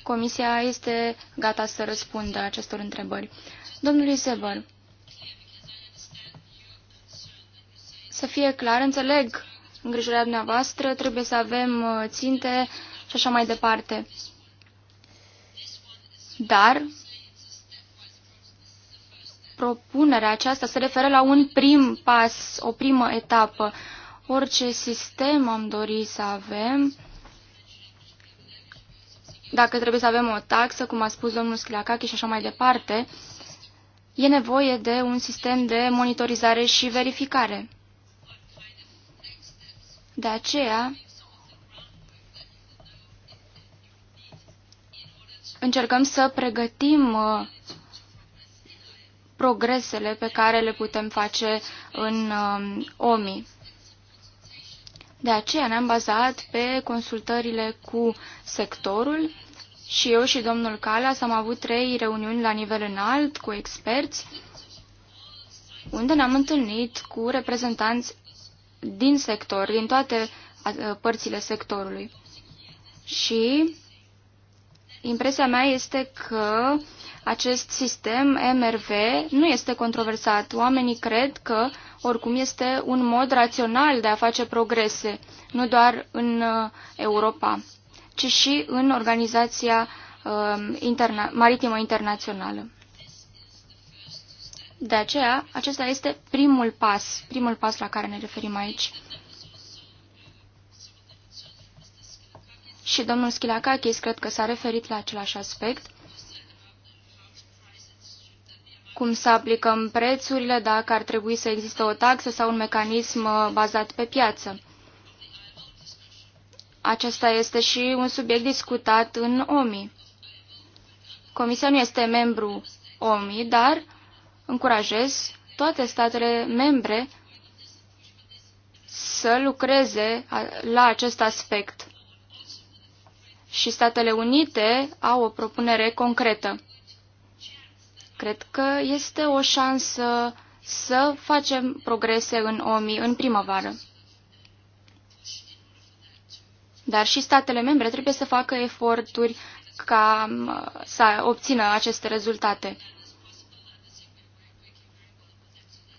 Comisia este gata să răspundă acestor întrebări. Domnul Isebăr, să fie clar, înțeleg îngrijorarea dumneavoastră, trebuie să avem uh, ținte și așa mai departe. Dar propunerea aceasta se referă la un prim pas, o primă etapă. Orice sistem am dori să avem, dacă trebuie să avem o taxă, cum a spus domnul Sclacachi și așa mai departe, e nevoie de un sistem de monitorizare și verificare. De aceea, încercăm să pregătim uh, progresele pe care le putem face în um, OMI. De aceea ne-am bazat pe consultările cu sectorul și eu și domnul Calas am avut trei reuniuni la nivel înalt cu experți, unde ne-am întâlnit cu reprezentanți din sector, din toate părțile sectorului. Și impresia mea este că acest sistem MRV nu este controversat. Oamenii cred că, oricum, este un mod rațional de a face progrese, nu doar în uh, Europa, ci și în Organizația uh, interna Maritimă Internațională. De aceea, acesta este primul pas, primul pas la care ne referim aici. Și domnul Schilacakis cred că s-a referit la același aspect cum să aplicăm prețurile, dacă ar trebui să existe o taxă sau un mecanism uh, bazat pe piață. Acesta este și un subiect discutat în OMI. Comisia nu este membru OMI, dar încurajez toate statele membre să lucreze la acest aspect. Și Statele Unite au o propunere concretă. Cred că este o șansă să facem progrese în OMI în primăvară. Dar și statele membre trebuie să facă eforturi ca să obțină aceste rezultate.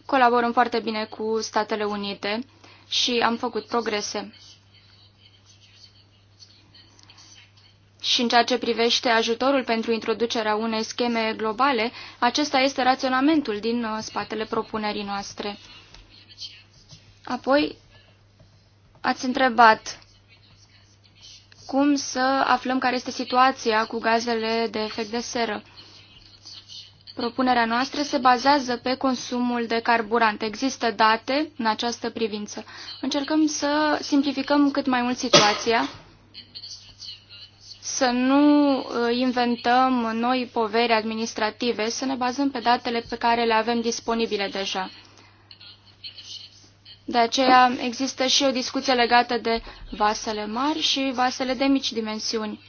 Colaborăm foarte bine cu Statele Unite și am făcut progrese. Și în ceea ce privește ajutorul pentru introducerea unei scheme globale, acesta este raționamentul din uh, spatele propunerii noastre. Apoi, ați întrebat cum să aflăm care este situația cu gazele de efect de seră. Propunerea noastră se bazează pe consumul de carburant. Există date în această privință. Încercăm să simplificăm cât mai mult situația să nu uh, inventăm noi poveri administrative, să ne bazăm pe datele pe care le avem disponibile deja. De aceea există și o discuție legată de vasele mari și vasele de mici dimensiuni.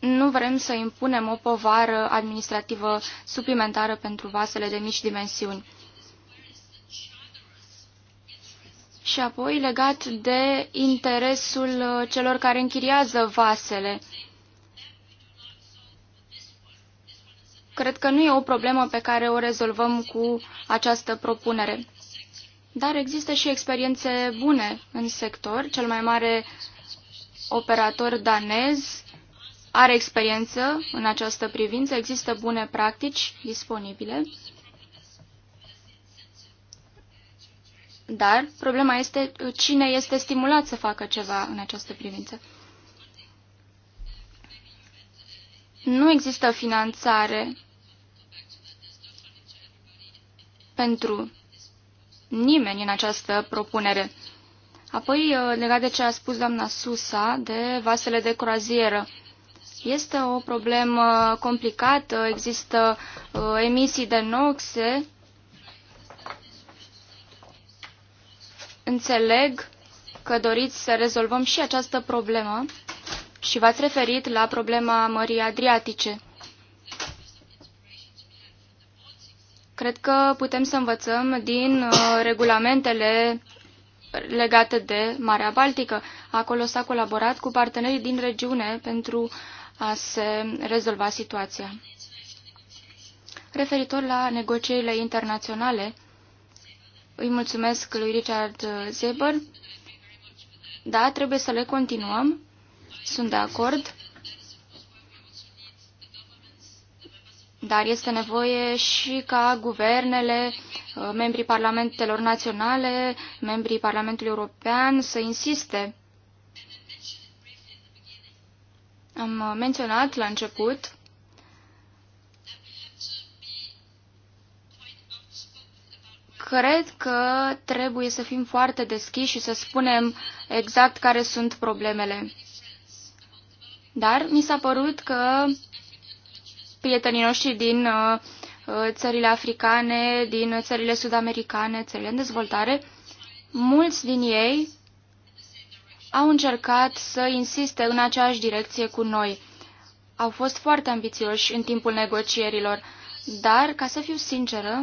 Nu vrem să impunem o povară administrativă suplimentară pentru vasele de mici dimensiuni. Și apoi legat de interesul uh, celor care închiriază vasele. Cred că nu e o problemă pe care o rezolvăm cu această propunere. Dar există și experiențe bune în sector. Cel mai mare operator danez are experiență în această privință, există bune practici disponibile. Dar problema este uh, cine este stimulat să facă ceva în această privință. Nu există finanțare pentru nimeni în această propunere. Apoi, uh, legat de ce a spus doamna Susa de vasele de croazieră, este o problemă complicată, există uh, emisii de noxe Înțeleg că doriți să rezolvăm și această problemă și v-ați referit la problema Mării Adriatice. Cred că putem să învățăm din uh, regulamentele legate de Marea Baltică. Acolo s-a colaborat cu partenerii din regiune pentru a se rezolva situația. Referitor la negocierile internaționale, îi mulțumesc lui Richard Zeber. Da, trebuie să le continuăm. Sunt de acord. Dar este nevoie și ca guvernele, uh, membrii parlamentelor naționale, membrii Parlamentului European să insiste. Am menționat la început Cred că trebuie să fim foarte deschiși și să spunem exact care sunt problemele. Dar mi s-a părut că prietenii noștri din uh, uh, țările africane, din țările sudamericane, țările în dezvoltare, mulți din ei au încercat să insiste în aceeași direcție cu noi. Au fost foarte ambițioși în timpul negocierilor, dar, ca să fiu sinceră,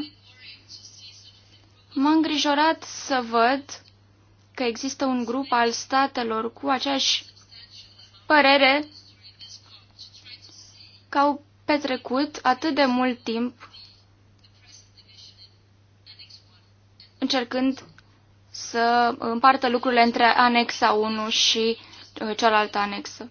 M-a îngrijorat să văd că există un grup al statelor cu aceeași părere că au petrecut atât de mult timp încercând să împartă lucrurile între anexa 1 și uh, cealaltă anexă.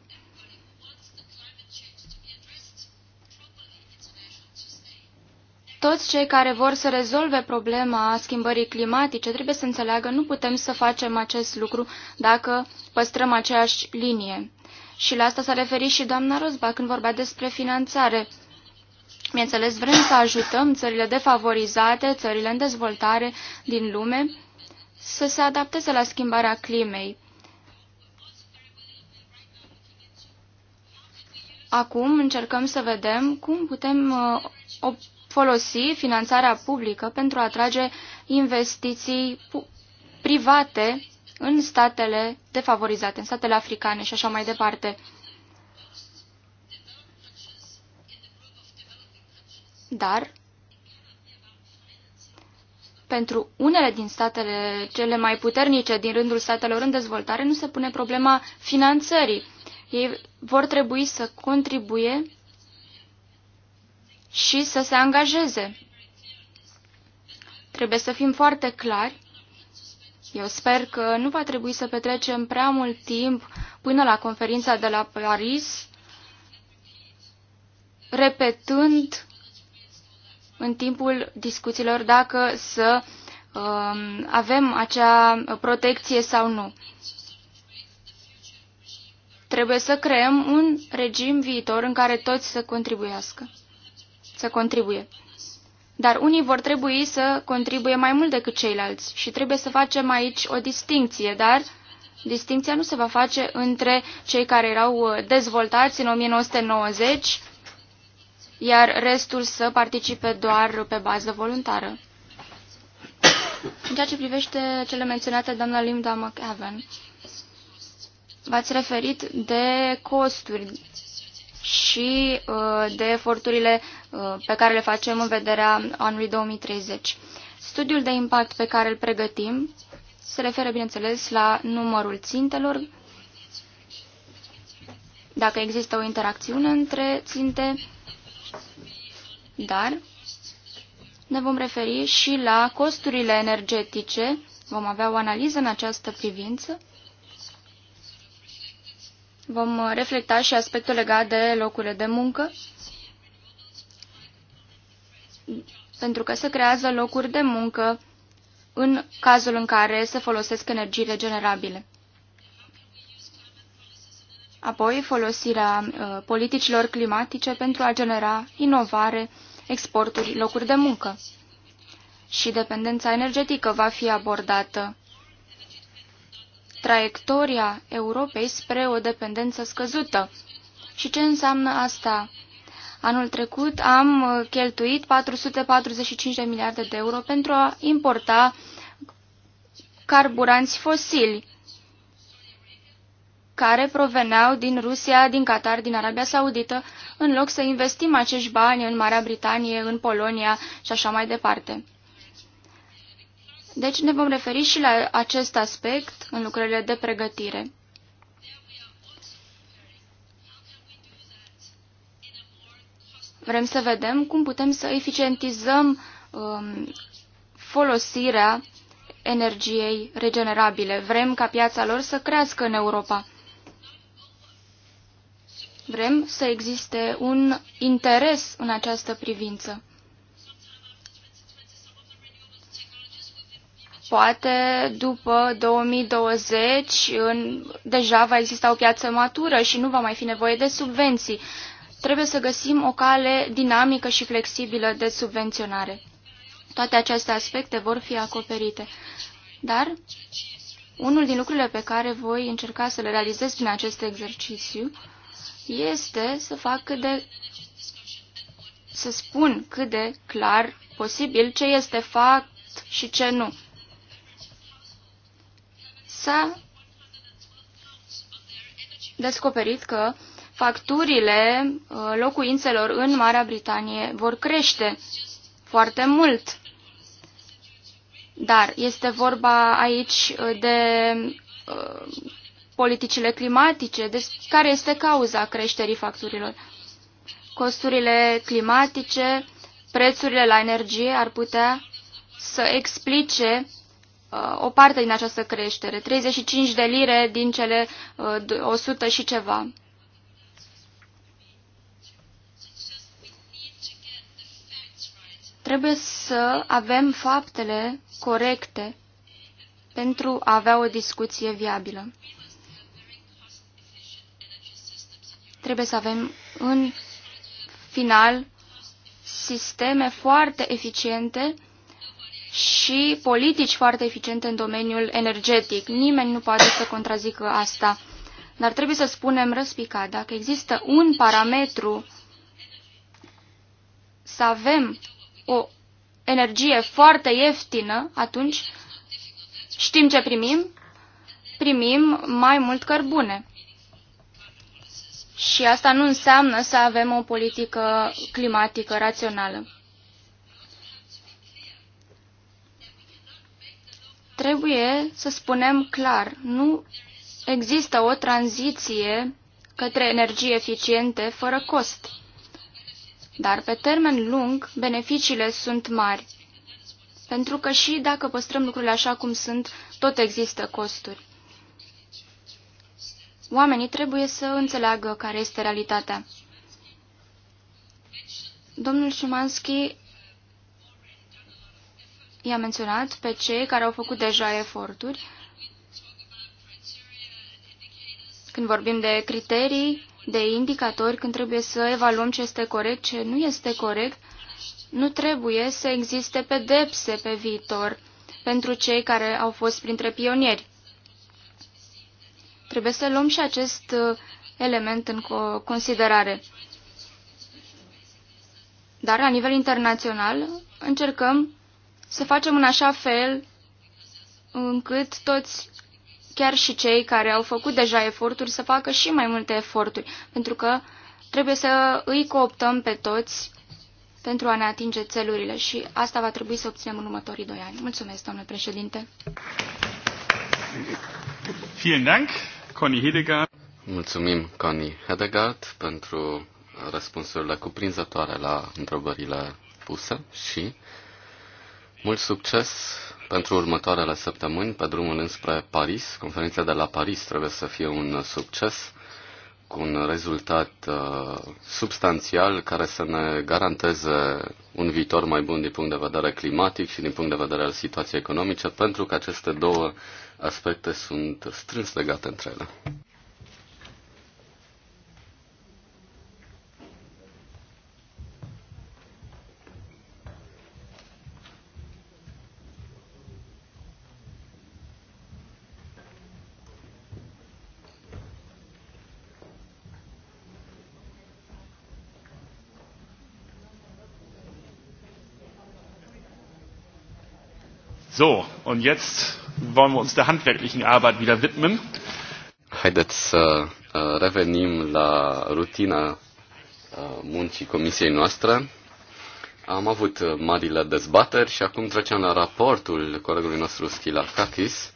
Toți cei care vor să rezolve problema schimbării climatice trebuie să înțeleagă nu putem să facem acest lucru dacă păstrăm aceeași linie. Și la asta s-a referit și doamna Rozba când vorbea despre finanțare. Bineînțeles, vrem să ajutăm țările defavorizate, țările în dezvoltare din lume, să se adapteze la schimbarea climei. Acum încercăm să vedem cum putem uh, folosi finanțarea publică pentru a atrage investiții private în statele defavorizate, în statele africane și așa mai departe. Dar pentru unele din statele cele mai puternice din rândul statelor în dezvoltare nu se pune problema finanțării. Ei vor trebui să contribuie și să se angajeze. Trebuie să fim foarte clari. Eu sper că nu va trebui să petrecem prea mult timp până la conferința de la Paris, repetând în timpul discuțiilor dacă să um, avem acea protecție sau nu. Trebuie să creăm un regim viitor în care toți să contribuiască să contribuie. Dar unii vor trebui să contribuie mai mult decât ceilalți și trebuie să facem aici o distinție, dar distinția nu se va face între cei care erau uh, dezvoltați în 1990, iar restul să participe doar pe bază voluntară. În ceea ce privește cele menționate, doamna Linda McAven, v-ați referit de costuri și uh, de eforturile uh, pe care le facem în vederea anului 2030. Studiul de impact pe care îl pregătim se referă, bineînțeles, la numărul țintelor, dacă există o interacțiune între ținte, dar ne vom referi și la costurile energetice, vom avea o analiză în această privință, Vom uh, reflecta și aspectul legat de locurile de muncă, pentru că se creează locuri de muncă în cazul în care se folosesc energii regenerabile. Apoi, folosirea uh, politicilor climatice pentru a genera inovare, exporturi, locuri de muncă. Și dependența energetică va fi abordată traiectoria Europei spre o dependență scăzută. Și ce înseamnă asta? Anul trecut am cheltuit 445 de miliarde de euro pentru a importa carburanți fosili care proveneau din Rusia, din Qatar, din Arabia Saudită, în loc să investim acești bani în Marea Britanie, în Polonia și așa mai departe. Deci ne vom referi și la acest aspect în lucrările de pregătire. Vrem să vedem cum putem să eficientizăm um, folosirea energiei regenerabile. Vrem ca piața lor să crească în Europa. Vrem să existe un interes în această privință. Poate după 2020 în, deja va exista o piață matură și nu va mai fi nevoie de subvenții. Trebuie să găsim o cale dinamică și flexibilă de subvenționare. Toate aceste aspecte vor fi acoperite. Dar unul din lucrurile pe care voi încerca să le realizez prin acest exercițiu este să fac cât de să spun cât de clar posibil ce este fapt și ce nu s-a descoperit că facturile uh, locuințelor în Marea Britanie vor crește foarte mult. Dar este vorba aici uh, de uh, politicile climatice, deci care este cauza creșterii facturilor. Costurile climatice, prețurile la energie ar putea să explice o parte din această creștere, 35 de lire din cele 100 uh, și ceva. Trebuie să avem faptele corecte pentru a avea o discuție viabilă. Trebuie să avem în final sisteme foarte eficiente și politici foarte eficiente în domeniul energetic. Nimeni nu poate să contrazică asta. Dar trebuie să spunem răspicat, dacă există un parametru să avem o energie foarte ieftină, atunci știm ce primim? Primim mai mult cărbune. Și asta nu înseamnă să avem o politică climatică rațională. Trebuie să spunem clar, nu există o tranziție către energii eficiente fără cost. Dar pe termen lung, beneficiile sunt mari. Pentru că și dacă păstrăm lucrurile așa cum sunt, tot există costuri. Oamenii trebuie să înțeleagă care este realitatea. Domnul Șumanski i-a menționat pe cei care au făcut deja eforturi. Când vorbim de criterii, de indicatori, când trebuie să evaluăm ce este corect, ce nu este corect, nu trebuie să existe pedepse pe viitor pentru cei care au fost printre pionieri. Trebuie să luăm și acest uh, element în considerare. Dar la nivel internațional încercăm să facem în așa fel încât toți, chiar și cei care au făcut deja eforturi, să facă și mai multe eforturi, pentru că trebuie să îi cooptăm pe toți pentru a ne atinge țelurile și asta va trebui să obținem în următorii doi ani. Mulțumesc, domnule președinte! Vielen Dank, Connie Hedegaard. Mulțumim, Connie Hedegaard, pentru răspunsurile cuprinzătoare la întrebările puse și mult succes pentru următoarele săptămâni pe drumul înspre Paris. Conferința de la Paris trebuie să fie un succes cu un rezultat uh, substanțial care să ne garanteze un viitor mai bun din punct de vedere climatic și din punct de vedere al situației economice, pentru că aceste două aspecte sunt strâns legate între ele. So, und jetzt wollen wir uns der handwerklichen Arbeit wieder widmen. Haideți să uh, revenim la rutina uh, muncii comisiei noastre. Am avut uh, marile dezbateri și acum trecem la raportul colegului nostru Schilakakis.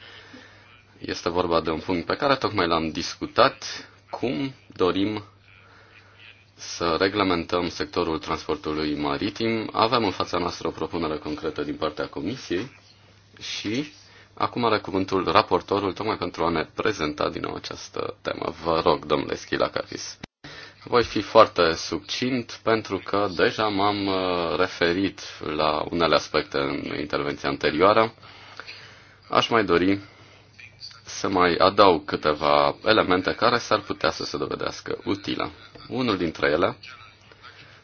Este vorba de un punct pe care tocmai l-am discutat, cum dorim să reglementăm sectorul transportului maritim. Avem în fața noastră o propunere concretă din partea Comisiei și acum are cuvântul raportorul tocmai pentru a ne prezenta din nou această temă. Vă rog, domnule Schilacakis. Voi fi foarte succint pentru că deja m-am uh, referit la unele aspecte în intervenția anterioară. Aș mai dori să mai adaug câteva elemente care s-ar putea să se dovedească utile. Unul dintre ele,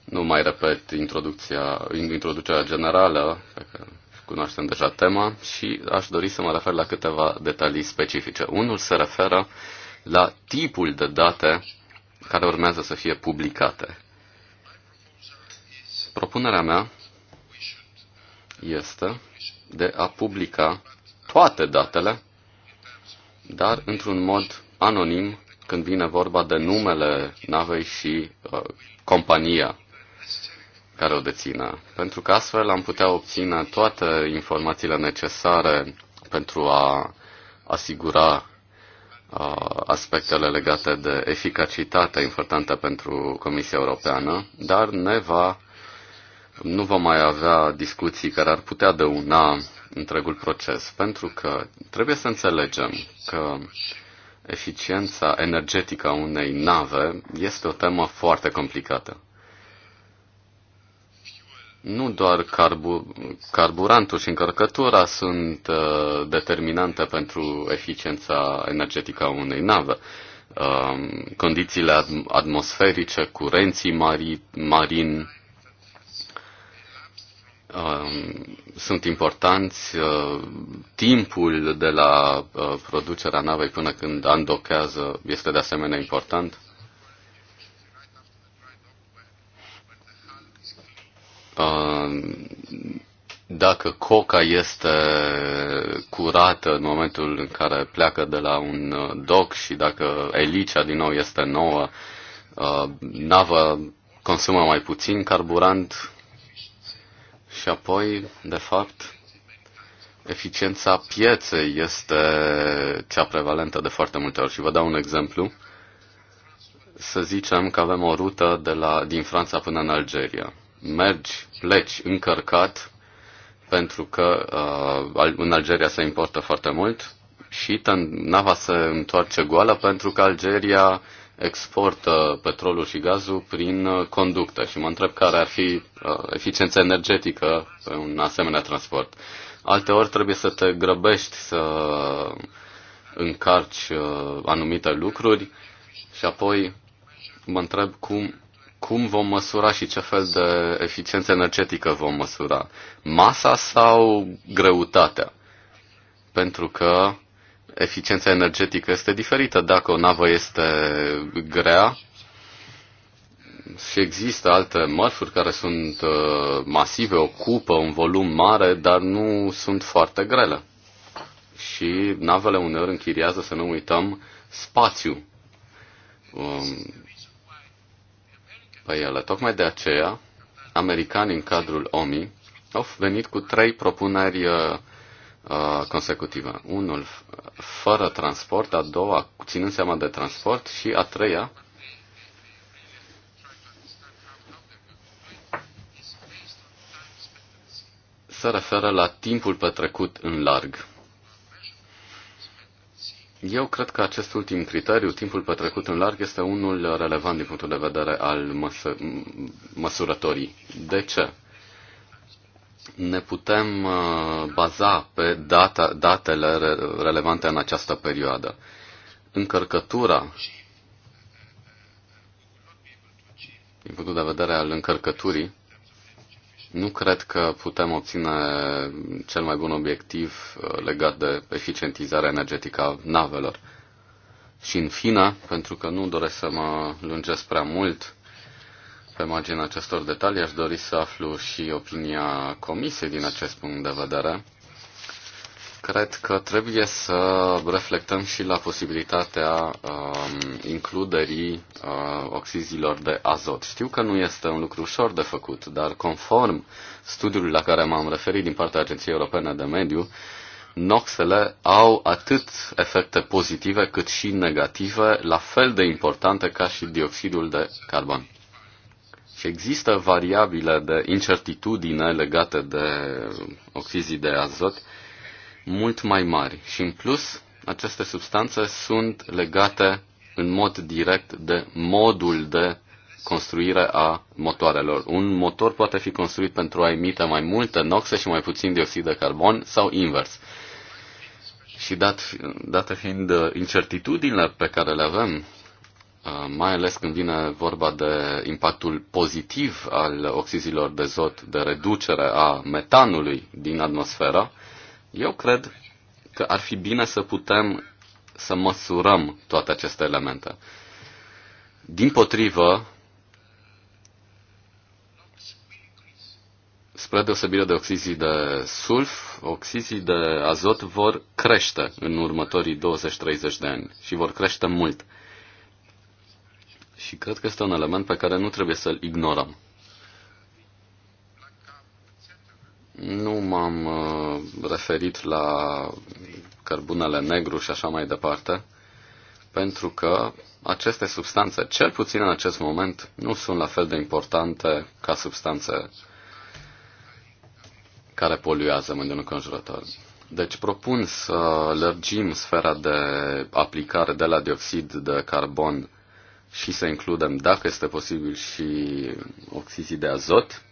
nu mai repet introducția, introducerea generală pe care cunoaștem deja tema și aș dori să mă refer la câteva detalii specifice. Unul se referă la tipul de date care urmează să fie publicate. Propunerea mea este de a publica toate datele, dar într-un mod anonim când vine vorba de numele navei și uh, compania care o dețină, pentru că astfel am putea obține toate informațiile necesare pentru a asigura aspectele legate de eficacitate importantă pentru Comisia Europeană, dar ne va, nu vom mai avea discuții care ar putea dăuna întregul proces, pentru că trebuie să înțelegem că eficiența energetică a unei nave este o temă foarte complicată nu doar carbu- carburantul și încărcătura sunt uh, determinante pentru eficiența energetică a unei nave. Uh, condițiile atmosferice, curenții mari, marin uh, um, sunt importanți. Uh, timpul de la uh, producerea navei până când andochează este de asemenea important. Uh, Uh, dacă coca este curată în momentul în care pleacă de la un doc și dacă elicea din nou este nouă, uh, nava consumă mai puțin carburant și apoi, de fapt, eficiența pieței este cea prevalentă de foarte multe ori. Și vă dau un exemplu. Să zicem că avem o rută de la, din Franța până în Algeria mergi, pleci încărcat, pentru că uh, în Algeria se importă foarte mult și nava se întoarce goală pentru că Algeria exportă petrolul și gazul prin uh, conductă și mă întreb care ar fi uh, eficiența energetică pe un asemenea transport. Alte ori trebuie să te grăbești să încarci uh, anumite lucruri și apoi mă întreb cum cum vom măsura și ce fel de eficiență energetică vom măsura? Masa sau greutatea? Pentru că eficiența energetică este diferită. Dacă o navă este grea și există alte mărfuri care sunt uh, masive, ocupă un volum mare, dar nu sunt foarte grele. Și navele uneori închiriază, să nu uităm, spațiu. Um, pe ele. Tocmai de aceea, americanii în cadrul OMI au venit cu trei propuneri uh, uh consecutive. Unul fără transport, a doua ținând seama de transport și a treia se referă la timpul petrecut în larg. Eu cred că acest ultim criteriu, timpul petrecut în larg, este unul relevant din punctul de vedere al măsă, măsurătorii. De ce? Ne putem uh, baza pe data, datele relevante în această perioadă. Încărcătura, din punctul de vedere al încărcăturii, nu cred că putem obține cel mai bun obiectiv uh, legat de eficientizarea energetică a navelor. Și în fine, pentru că nu doresc să mă lungesc prea mult pe marginea acestor detalii, aș dori să aflu și opinia comisiei din acest punct de vedere cred că trebuie să reflectăm și la posibilitatea um, includerii uh, oxizilor de azot. Știu că nu este un lucru ușor de făcut, dar conform studiului la care m-am referit din partea Agenției Europene de Mediu, noxele au atât efecte pozitive cât și negative, la fel de importante ca și dioxidul de carbon. Și există variabile de incertitudine legate de oxizii de azot, mult mai mari și, în plus, aceste substanțe sunt legate în mod direct de modul de construire a motoarelor. Un motor poate fi construit pentru a emite mai multe noxe și mai puțin dioxid de carbon sau invers. Și dat, dată fiind uh, incertitudinile pe care le avem, uh, mai ales când vine vorba de impactul pozitiv al oxizilor de azot, de reducere a metanului din atmosferă, eu cred că ar fi bine să putem să măsurăm toate aceste elemente. Din potrivă, spre deosebire de oxizii de sulf, oxizii de azot vor crește în următorii 20-30 de ani și vor crește mult. Și cred că este un element pe care nu trebuie să-l ignorăm. Nu m-am uh, referit la cărbunele negru și așa mai departe, pentru că aceste substanțe, cel puțin în acest moment, nu sunt la fel de importante ca substanțe care poluează mediul înconjurător. Deci propun să lărgim sfera de aplicare de la dioxid de carbon și să includem, dacă este posibil, și oxizii de azot,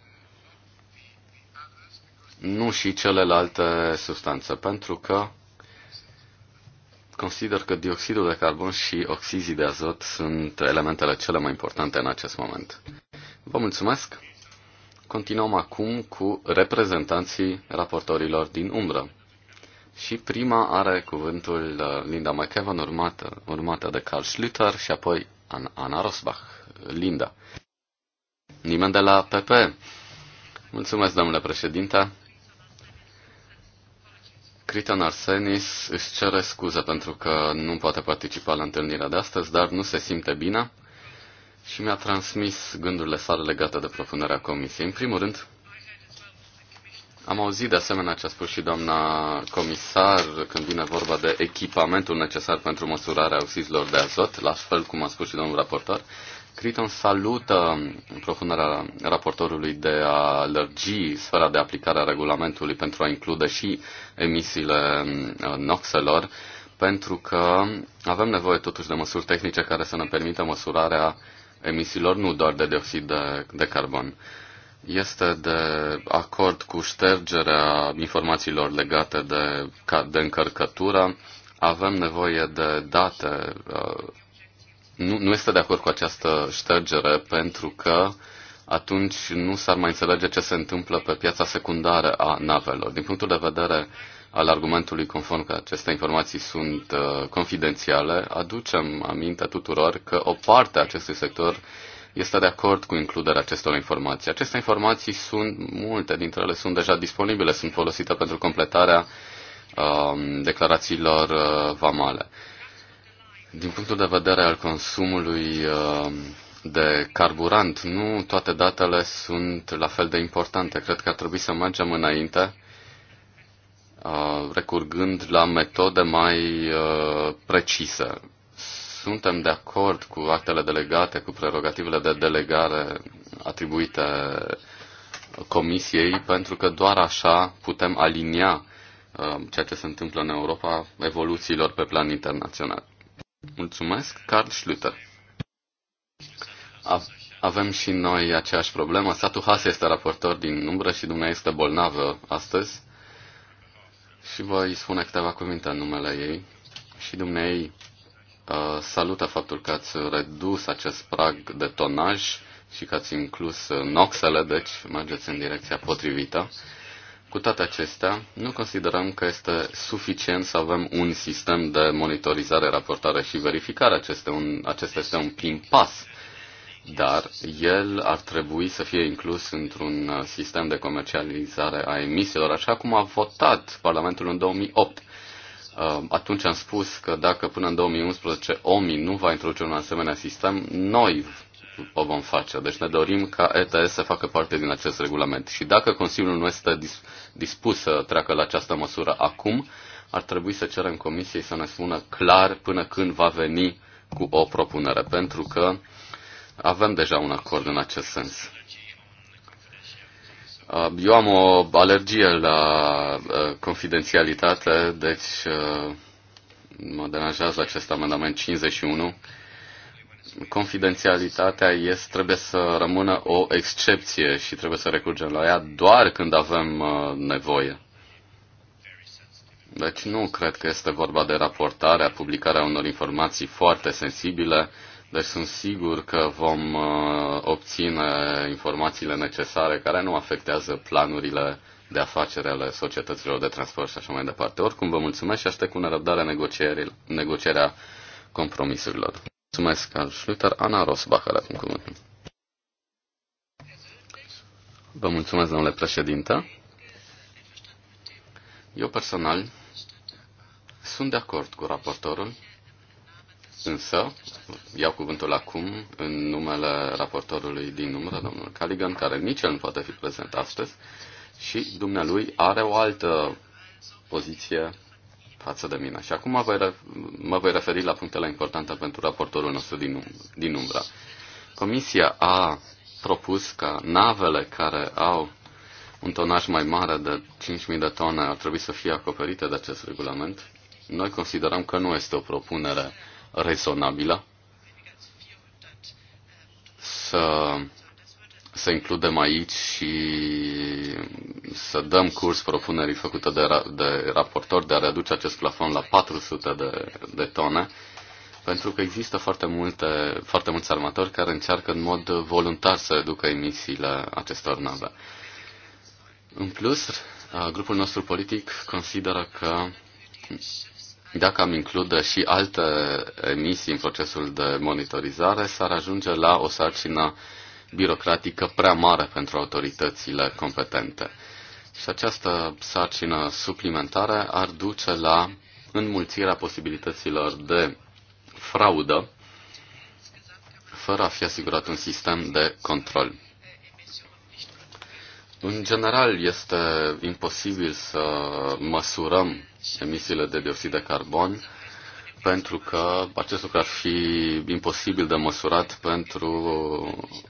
nu și celelalte substanțe, pentru că consider că dioxidul de carbon și oxizii de azot sunt elementele cele mai importante în acest moment. Vă mulțumesc! Continuăm acum cu reprezentanții raportorilor din umbră. Și prima are cuvântul uh, Linda McEvan, urmată, urmată de Carl Schlüter și apoi Ana Rosbach. Linda. Nimeni de la PP. Mulțumesc, domnule președinte. Cristian Arsenis își cere scuze pentru că nu poate participa la întâlnirea de astăzi, dar nu se simte bine și mi-a transmis gândurile sale legate de propunerea comisiei. În primul rând, am auzit de asemenea ce a spus și doamna comisar când vine vorba de echipamentul necesar pentru măsurarea oxizilor de azot, la fel cum a spus și domnul raportor, Criton salută propunerea raportorului de a lărgi sfera de aplicare a regulamentului pentru a include și emisiile uh, noxelor, pentru că avem nevoie totuși de măsuri tehnice care să ne permită măsurarea emisiilor nu doar de dioxid de, de carbon. Este de acord cu ștergerea informațiilor legate de, de încărcătură. Avem nevoie de date uh, nu, nu este de acord cu această ștergere pentru că atunci nu s-ar mai înțelege ce se întâmplă pe piața secundară a navelor. Din punctul de vedere al argumentului conform că aceste informații sunt uh, confidențiale, aducem aminte tuturor că o parte a acestui sector este de acord cu includerea acestor informații. Aceste informații sunt multe, dintre ele sunt deja disponibile, sunt folosite pentru completarea uh, declarațiilor uh, vamale. Uh, din punctul de vedere al consumului uh, de carburant, nu toate datele sunt la fel de importante. Cred că ar trebui să mergem înainte uh, recurgând la metode mai uh, precise. Suntem de acord cu actele delegate, cu prerogativele de delegare atribuite Comisiei, pentru că doar așa putem alinia ceea ce se întâmplă în Europa evoluțiilor pe plan internațional. Mulțumesc, Carl Schlüter. Avem și noi aceeași problemă. Satu Hase este raportor din umbră și dumneavoastră este bolnavă astăzi. Și voi spune câteva cuvinte în numele ei. Și dumneai uh, salută faptul că ați redus acest prag de tonaj și că ați inclus uh, noxele, deci mergeți în direcția potrivită. Cu toate acestea, nu considerăm că este suficient să avem un sistem de monitorizare, raportare și verificare. Acesta un, acest este un prim pas, dar el ar trebui să fie inclus într-un uh, sistem de comercializare a emisiilor, așa cum a votat Parlamentul în 2008. Uh, atunci am spus că dacă până în 2011 OMI nu va introduce un asemenea sistem, noi o vom face. Deci ne dorim ca ETS să facă parte din acest regulament. Și dacă Consiliul nu este dis- dispus să treacă la această măsură acum, ar trebui să cerem Comisiei să ne spună clar până când va veni cu o propunere, pentru că avem deja un acord în acest sens. Uh, eu am o alergie la uh, confidențialitate, deci uh, mă deranjează acest amendament 51 confidențialitatea este, trebuie să rămână o excepție și trebuie să recurgem la ea doar când avem uh, nevoie. Deci nu cred că este vorba de raportarea, publicarea unor informații foarte sensibile, deci sunt sigur că vom uh, obține informațiile necesare care nu afectează planurile de afaceri ale societăților de transport și așa mai departe. Oricum, vă mulțumesc și aștept cu nerăbdare negocierea compromisurilor. Mulțumesc, Schlüter. Ana Rosbach are acum cuvântul. Vă mulțumesc, domnule președinte. Eu personal sunt de acord cu raportorul, însă iau cuvântul acum în numele raportorului din număr, domnul Caligan, care nici el nu poate fi prezent astăzi și dumnealui are o altă poziție față de mine. Și acum voi, mă voi referi la punctele importante pentru raportorul nostru din, um-, din umbra. Comisia a propus ca navele care au un tonaj mai mare de 5.000 de tone ar trebui să fie acoperite de acest regulament. Noi considerăm că nu este o propunere rezonabilă să să includem aici și să dăm curs propunerii făcute de, ra- de raportor de a reduce acest plafon la 400 de, de tone, pentru că există foarte, multe, foarte mulți armatori care încearcă în mod voluntar să reducă emisiile acestor nave. În plus, grupul nostru politic consideră că dacă am include și alte emisii în procesul de monitorizare, s-ar ajunge la o sarcină uh, birocratică prea mare pentru autoritățile competente. Și această sarcină suplimentară ar duce la înmulțirea posibilităților de fraudă fără a fi asigurat un sistem de control. În general, este imposibil să măsurăm emisiile de dioxid de carbon pentru că acest lucru ar fi imposibil de măsurat pentru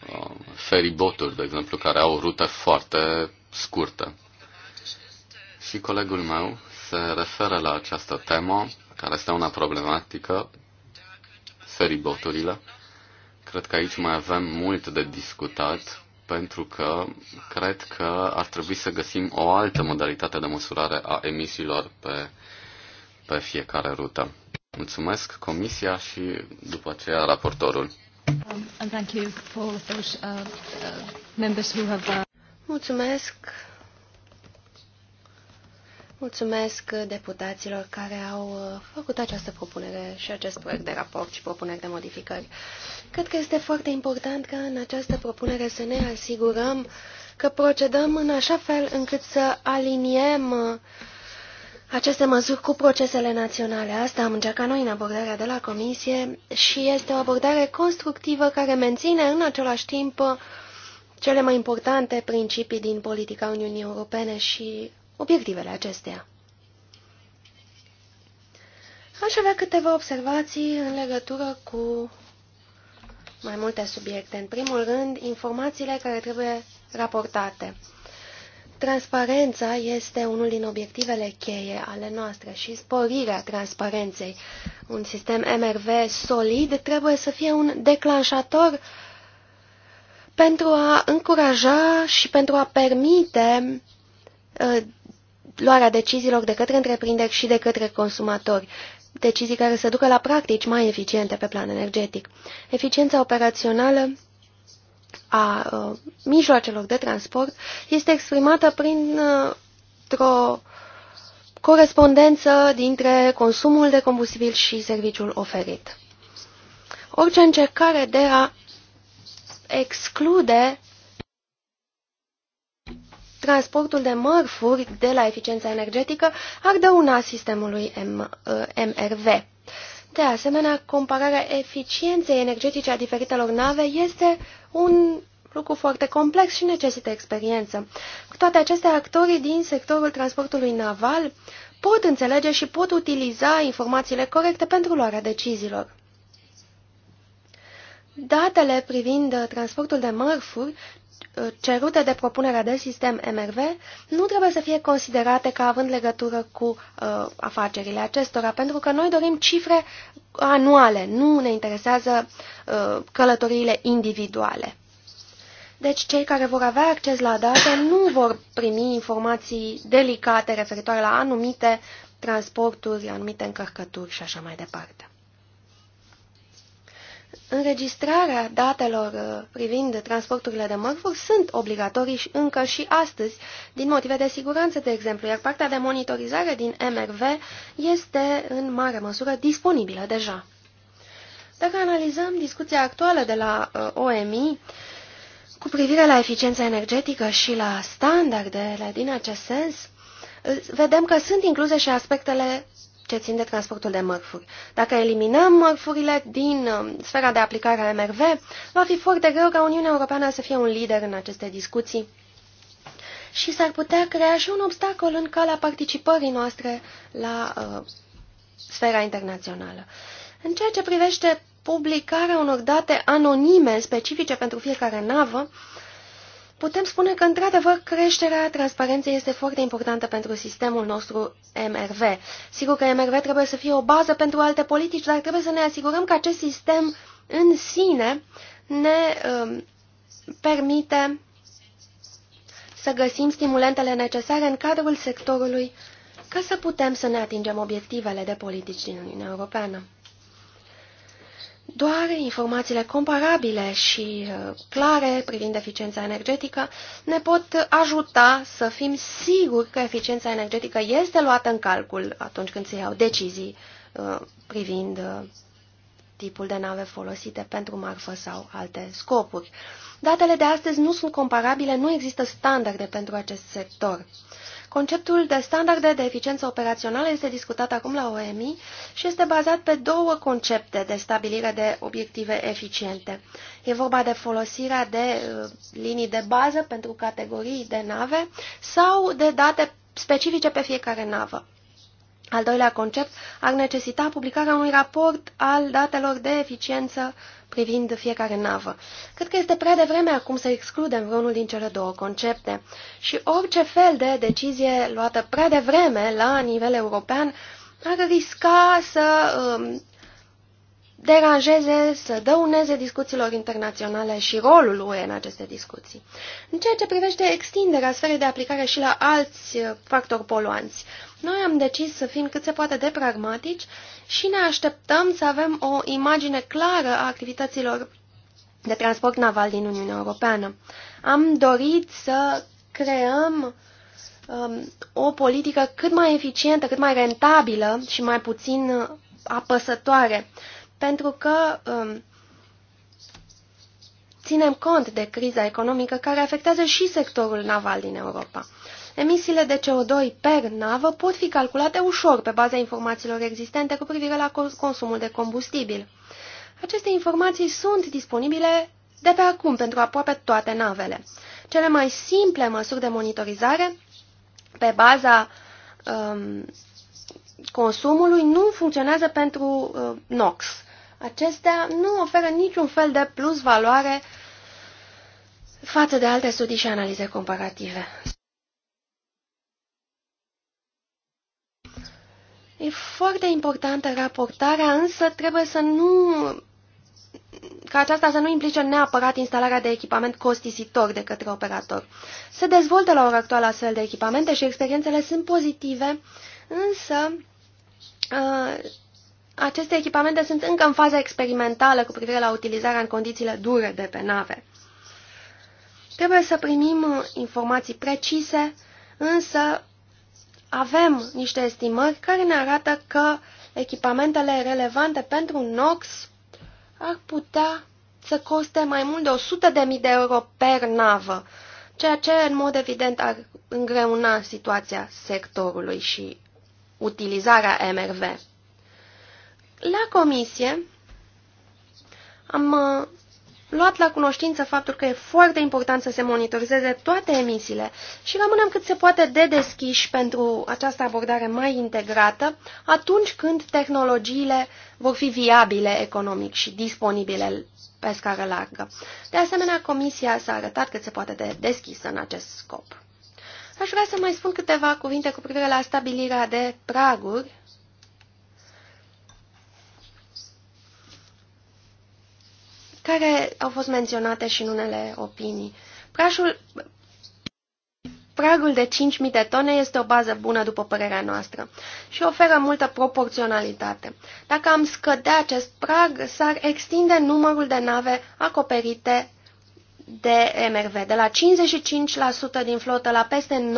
uh, feriboturi, de exemplu, care au rute foarte scurte. Și colegul meu se referă la această temă, care este una problematică, feriboturile. Cred că aici mai avem mult de discutat, pentru că cred că ar trebui să găsim o altă modalitate de măsurare a emisiilor pe, pe fiecare rută. Mulțumesc Comisia și după aceea raportorul. Um, uh, uh, uh, Mulțumesc. Mulțumesc deputaților care au făcut această propunere și acest proiect de raport și propuneri de modificări. Cred că este foarte important ca în această propunere să ne asigurăm că procedăm în așa fel încât să aliniem uh, aceste măsuri cu procesele naționale. Asta am încercat noi în abordarea de la Comisie și este o abordare constructivă care menține în același timp cele mai importante principii din politica Uniunii Europene și obiectivele acesteia. Aș avea câteva observații în legătură cu mai multe subiecte. În primul rând, informațiile care trebuie raportate. Transparența este unul din obiectivele cheie ale noastre și sporirea transparenței. Un sistem MRV solid trebuie să fie un declanșator pentru a încuraja și pentru a permite uh, luarea deciziilor de către întreprinderi și de către consumatori decizii care să ducă la practici mai eficiente pe plan energetic. Eficiența operațională a uh, mijloacelor de transport este exprimată prin o corespondență dintre consumul de combustibil și serviciul oferit. Orice încercare de a exclude transportul de mărfuri de la eficiența energetică ar dăuna sistemului MRV. De asemenea, compararea eficienței energetice a diferitelor nave este un lucru foarte complex și necesită experiență. Cu toate acestea, actorii din sectorul transportului naval pot înțelege și pot utiliza informațiile corecte pentru luarea deciziilor. Datele privind transportul de mărfuri cerute de propunerea de sistem MRV nu trebuie să fie considerate ca având legătură cu uh, afacerile acestora, pentru că noi dorim cifre anuale, nu ne interesează uh, călătoriile individuale. Deci cei care vor avea acces la date nu vor primi informații delicate referitoare la anumite transporturi, anumite încărcături și așa mai departe înregistrarea datelor uh, privind transporturile de mărfuri sunt obligatorii și încă și astăzi, din motive de siguranță, de exemplu, iar partea de monitorizare din MRV este în mare măsură disponibilă deja. Dacă analizăm discuția actuală de la uh, OMI cu privire la eficiența energetică și la standardele din acest sens, uh, vedem că sunt incluse și aspectele ce țin de transportul de mărfuri. Dacă eliminăm mărfurile din um, sfera de aplicare a MRV, va fi foarte greu ca Uniunea Europeană să fie un lider în aceste discuții și s-ar putea crea și un obstacol în calea participării noastre la uh, sfera internațională. În ceea ce privește publicarea unor date anonime specifice pentru fiecare navă, putem spune că, într-adevăr, creșterea transparenței este foarte importantă pentru sistemul nostru MRV. Sigur că MRV trebuie să fie o bază pentru alte politici, dar trebuie să ne asigurăm că acest sistem în sine ne um, permite să găsim stimulentele necesare în cadrul sectorului ca să putem să ne atingem obiectivele de politici din Uniunea Europeană. Doar informațiile comparabile și uh, clare privind eficiența energetică ne pot ajuta să fim siguri că eficiența energetică este luată în calcul atunci când se iau decizii uh, privind uh, tipul de nave folosite pentru marfă sau alte scopuri. Datele de astăzi nu sunt comparabile, nu există standarde pentru acest sector. Conceptul de standarde de eficiență operațională este discutat acum la OMI și este bazat pe două concepte de stabilire de obiective eficiente. E vorba de folosirea de uh, linii de bază pentru categorii de nave sau de date specifice pe fiecare navă. Al doilea concept ar necesita publicarea unui raport al datelor de eficiență privind fiecare navă. Cred că este prea devreme acum să excludem vreunul din cele două concepte și orice fel de decizie luată prea devreme la nivel european ar risca să um, deranjeze, să dăuneze discuțiilor internaționale și rolul UE în aceste discuții. În ceea ce privește extinderea sferei de aplicare și la alți uh, factori poluanți, noi am decis să fim cât se poate de pragmatici și ne așteptăm să avem o imagine clară a activităților de transport naval din Uniunea Europeană. Am dorit să creăm um, o politică cât mai eficientă, cât mai rentabilă și mai puțin uh, apăsătoare pentru că um, ținem cont de criza economică care afectează și sectorul naval din Europa. Emisiile de CO2 per navă pot fi calculate ușor pe baza informațiilor existente cu privire la consumul de combustibil. Aceste informații sunt disponibile de pe acum pentru aproape toate navele. Cele mai simple măsuri de monitorizare pe baza um, consumului nu funcționează pentru uh, NOx. Acestea nu oferă niciun fel de plus valoare față de alte studii și analize comparative. E foarte importantă raportarea, însă trebuie să nu ca aceasta să nu implice neapărat instalarea de echipament costisitor de către operator. Se dezvoltă la ora actuală astfel de echipamente și experiențele sunt pozitive, însă aceste echipamente sunt încă în faza experimentală cu privire la utilizarea în condițiile dure de pe nave. Trebuie să primim uh, informații precise, însă avem niște estimări care ne arată că echipamentele relevante pentru NOx ar putea să coste mai mult de 100.000 de euro per navă, ceea ce în mod evident ar îngreuna situația sectorului și utilizarea MRV. La comisie am uh, luat la cunoștință faptul că e foarte important să se monitorizeze toate emisiile și rămânem cât se poate de deschiși pentru această abordare mai integrată atunci când tehnologiile vor fi viabile economic și disponibile pe scară largă. De asemenea, Comisia s-a arătat cât se poate de deschisă în acest scop. Aș vrea să mai spun câteva cuvinte cu privire la stabilirea de praguri care au fost menționate și în unele opinii. Prașul, pragul de 5.000 de tone este o bază bună, după părerea noastră, și oferă multă proporționalitate. Dacă am scădea acest prag, s-ar extinde numărul de nave acoperite de MRV, de la 55% din flotă la peste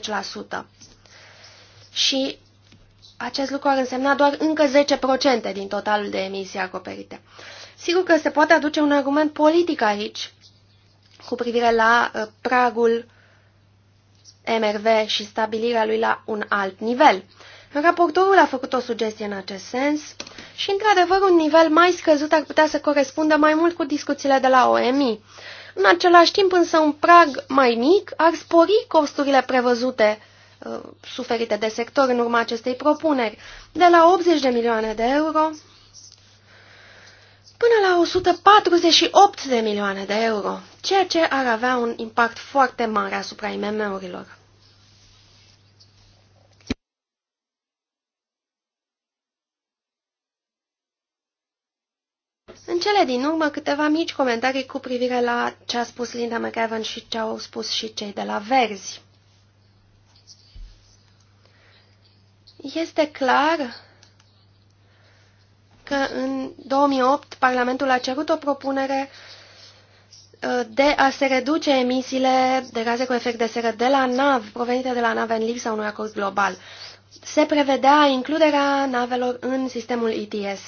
90%. Și acest lucru ar însemna doar încă 10% din totalul de emisii acoperite. Sigur că se poate aduce un argument politic aici cu privire la uh, pragul MRV și stabilirea lui la un alt nivel. Raportorul a făcut o sugestie în acest sens și, într-adevăr, un nivel mai scăzut ar putea să corespundă mai mult cu discuțiile de la OMI. În același timp, însă, un prag mai mic ar spori costurile prevăzute uh, suferite de sector în urma acestei propuneri, de la 80 de milioane de euro până la 148 de milioane de euro, ceea ce ar avea un impact foarte mare asupra IMM-urilor. În cele din urmă, câteva mici comentarii cu privire la ce a spus Linda McEwan și ce au spus și cei de la Verzi. Este clar că în 2008 Parlamentul a cerut o propunere uh, de a se reduce emisiile de gaze cu efect de seră de la nav, provenite de la nave în lipsa unui acord global. Se prevedea includerea navelor în sistemul ETS.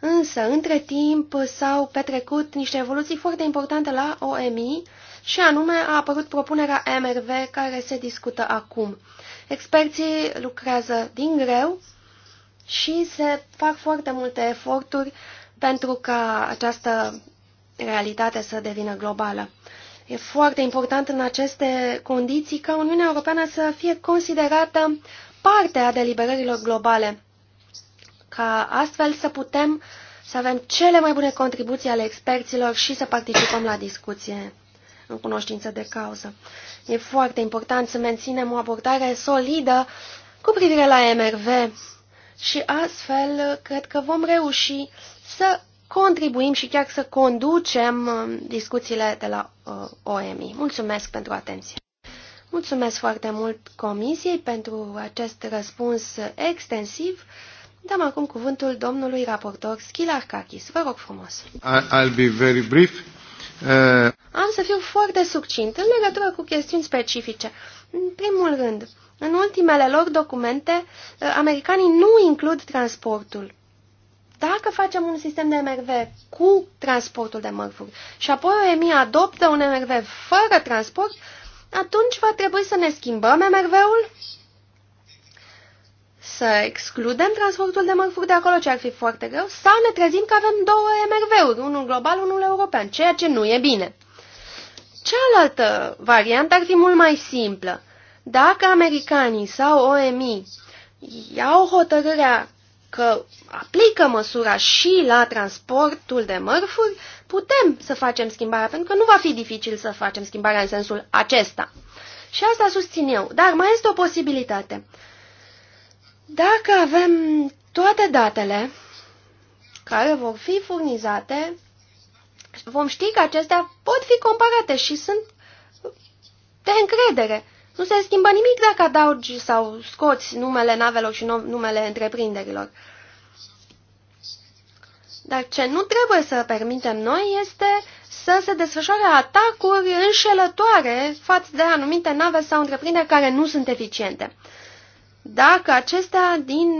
Însă, între timp, s-au petrecut niște evoluții foarte importante la OMI și anume a apărut propunerea MRV care se discută acum. Experții lucrează din greu și se fac foarte multe eforturi pentru ca această realitate să devină globală. E foarte important în aceste condiții ca Uniunea Europeană să fie considerată parte a deliberărilor globale, ca astfel să putem să avem cele mai bune contribuții ale experților și să participăm la discuție în cunoștință de cauză. E foarte important să menținem o abordare solidă cu privire la MRV și astfel cred că vom reuși să contribuim și chiar să conducem um, discuțiile de la uh, OMI. Mulțumesc pentru atenție! Mulțumesc foarte mult Comisiei pentru acest răspuns extensiv. Dăm acum cuvântul domnului raportor Kakis. Vă rog frumos. I'll be very brief. Uh... Am să fiu foarte succint în legătură cu chestiuni specifice. În primul rând, uh, în ultimele lor documente, eh, americanii nu includ transportul. Dacă facem un sistem de MRV cu transportul de mărfuri și apoi OMI adoptă un MRV fără transport, atunci va trebui să ne schimbăm MRV-ul? Să excludem transportul de mărfuri de acolo, ce ar fi foarte greu, sau ne trezim că avem două MRV-uri, unul global, unul european, ceea ce nu e bine. Cealaltă variantă ar fi mult mai simplă. Dacă americanii sau OMI iau hotărârea că aplică măsura și la transportul de mărfuri, putem să facem schimbarea, pentru că nu va fi dificil să facem schimbarea în sensul acesta. Și asta susțin eu. Dar mai este o posibilitate. Dacă avem toate datele care vor fi furnizate, vom ști că acestea pot fi comparate și sunt de încredere. Nu se schimbă nimic dacă adaugi sau scoți numele navelor și numele întreprinderilor. Dar ce nu trebuie să permitem noi este să se desfășoare atacuri înșelătoare față de anumite nave sau întreprinderi care nu sunt eficiente. Dacă acestea, din,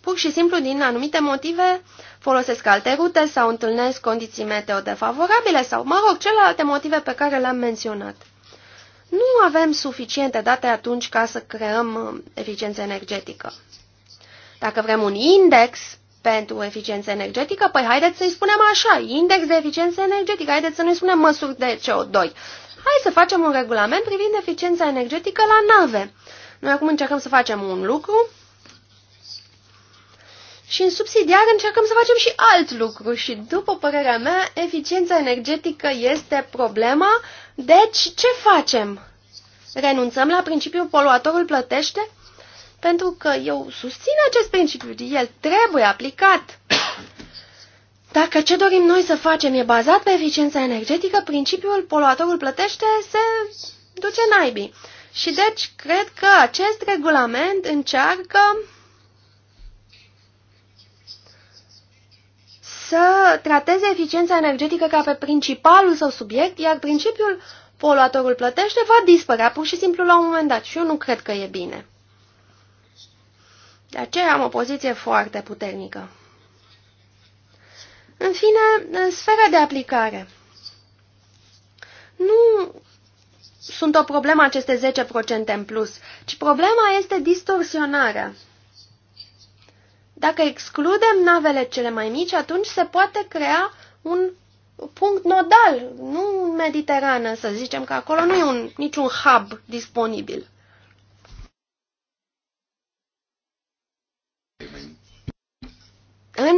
pur și simplu din anumite motive, folosesc alte rute sau întâlnesc condiții meteo defavorabile sau, mă rog, celelalte motive pe care le-am menționat nu avem suficiente date atunci ca să creăm uh, eficiență energetică. Dacă vrem un index pentru eficiență energetică, păi haideți să-i spunem așa, index de eficiență energetică, haideți să nu-i spunem măsuri de CO2. Hai să facem un regulament privind eficiența energetică la nave. Noi acum încercăm să facem un lucru și în subsidiar încercăm să facem și alt lucru și, după părerea mea, eficiența energetică este problema deci, ce facem? Renunțăm la principiul poluatorul plătește? Pentru că eu susțin acest principiu, el trebuie aplicat. Dacă ce dorim noi să facem e bazat pe eficiența energetică, principiul poluatorul plătește se duce naibii. Și deci, cred că acest regulament încearcă să trateze eficiența energetică ca pe principalul său subiect, iar principiul poluatorul plătește va dispărea pur și simplu la un moment dat și eu nu cred că e bine. De aceea am o poziție foarte puternică. În fine, în sfera de aplicare. Nu sunt o problemă aceste 10% în plus, ci problema este distorsionarea. Dacă excludem navele cele mai mici, atunci se poate crea un punct nodal, nu Mediterană, să zicem că acolo nu e un, niciun hub disponibil.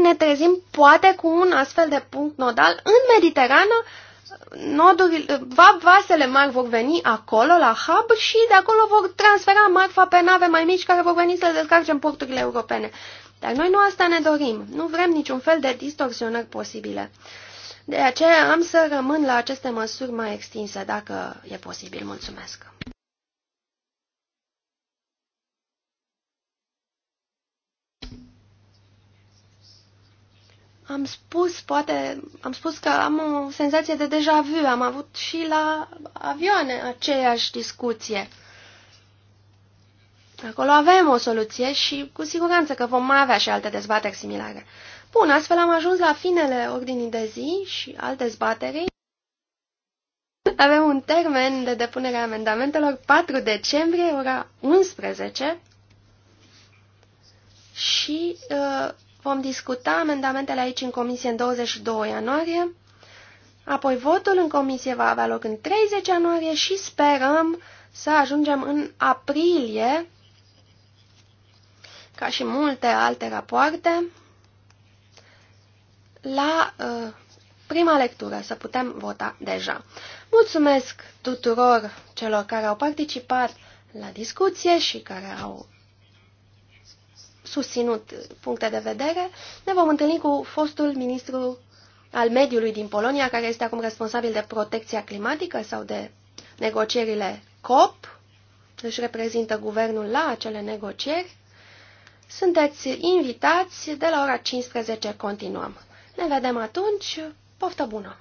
ne trezim poate cu un astfel de punct nodal în Mediterană, nodurile, vasele mari vor veni acolo, la hub, și de acolo vor transfera marfa pe nave mai mici care vor veni să descarce în porturile europene. Dar noi nu asta ne dorim. Nu vrem niciun fel de distorsionări posibile. De aceea am să rămân la aceste măsuri mai extinse, dacă e posibil. Mulțumesc! Am spus, poate, am spus că am o senzație de deja vu. Am avut și la avioane aceeași discuție. Acolo avem o soluție și cu siguranță că vom mai avea și alte dezbateri similare. Bun, astfel am ajuns la finele ordinii de zi și alte dezbaterii. Avem un termen de depunere a amendamentelor 4 decembrie, ora 11 și uh, vom discuta amendamentele aici în comisie în 22 ianuarie, apoi votul în comisie va avea loc în 30 ianuarie și sperăm să ajungem în aprilie ca și multe alte rapoarte, la uh, prima lectură să putem vota deja. Mulțumesc tuturor celor care au participat la discuție și care au susținut puncte de vedere. Ne vom întâlni cu fostul ministru al mediului din Polonia, care este acum responsabil de protecția climatică sau de negocierile COP, își reprezintă guvernul la acele negocieri. Sunteți invitați, de la ora 15 continuăm. Ne vedem atunci, poftă bună!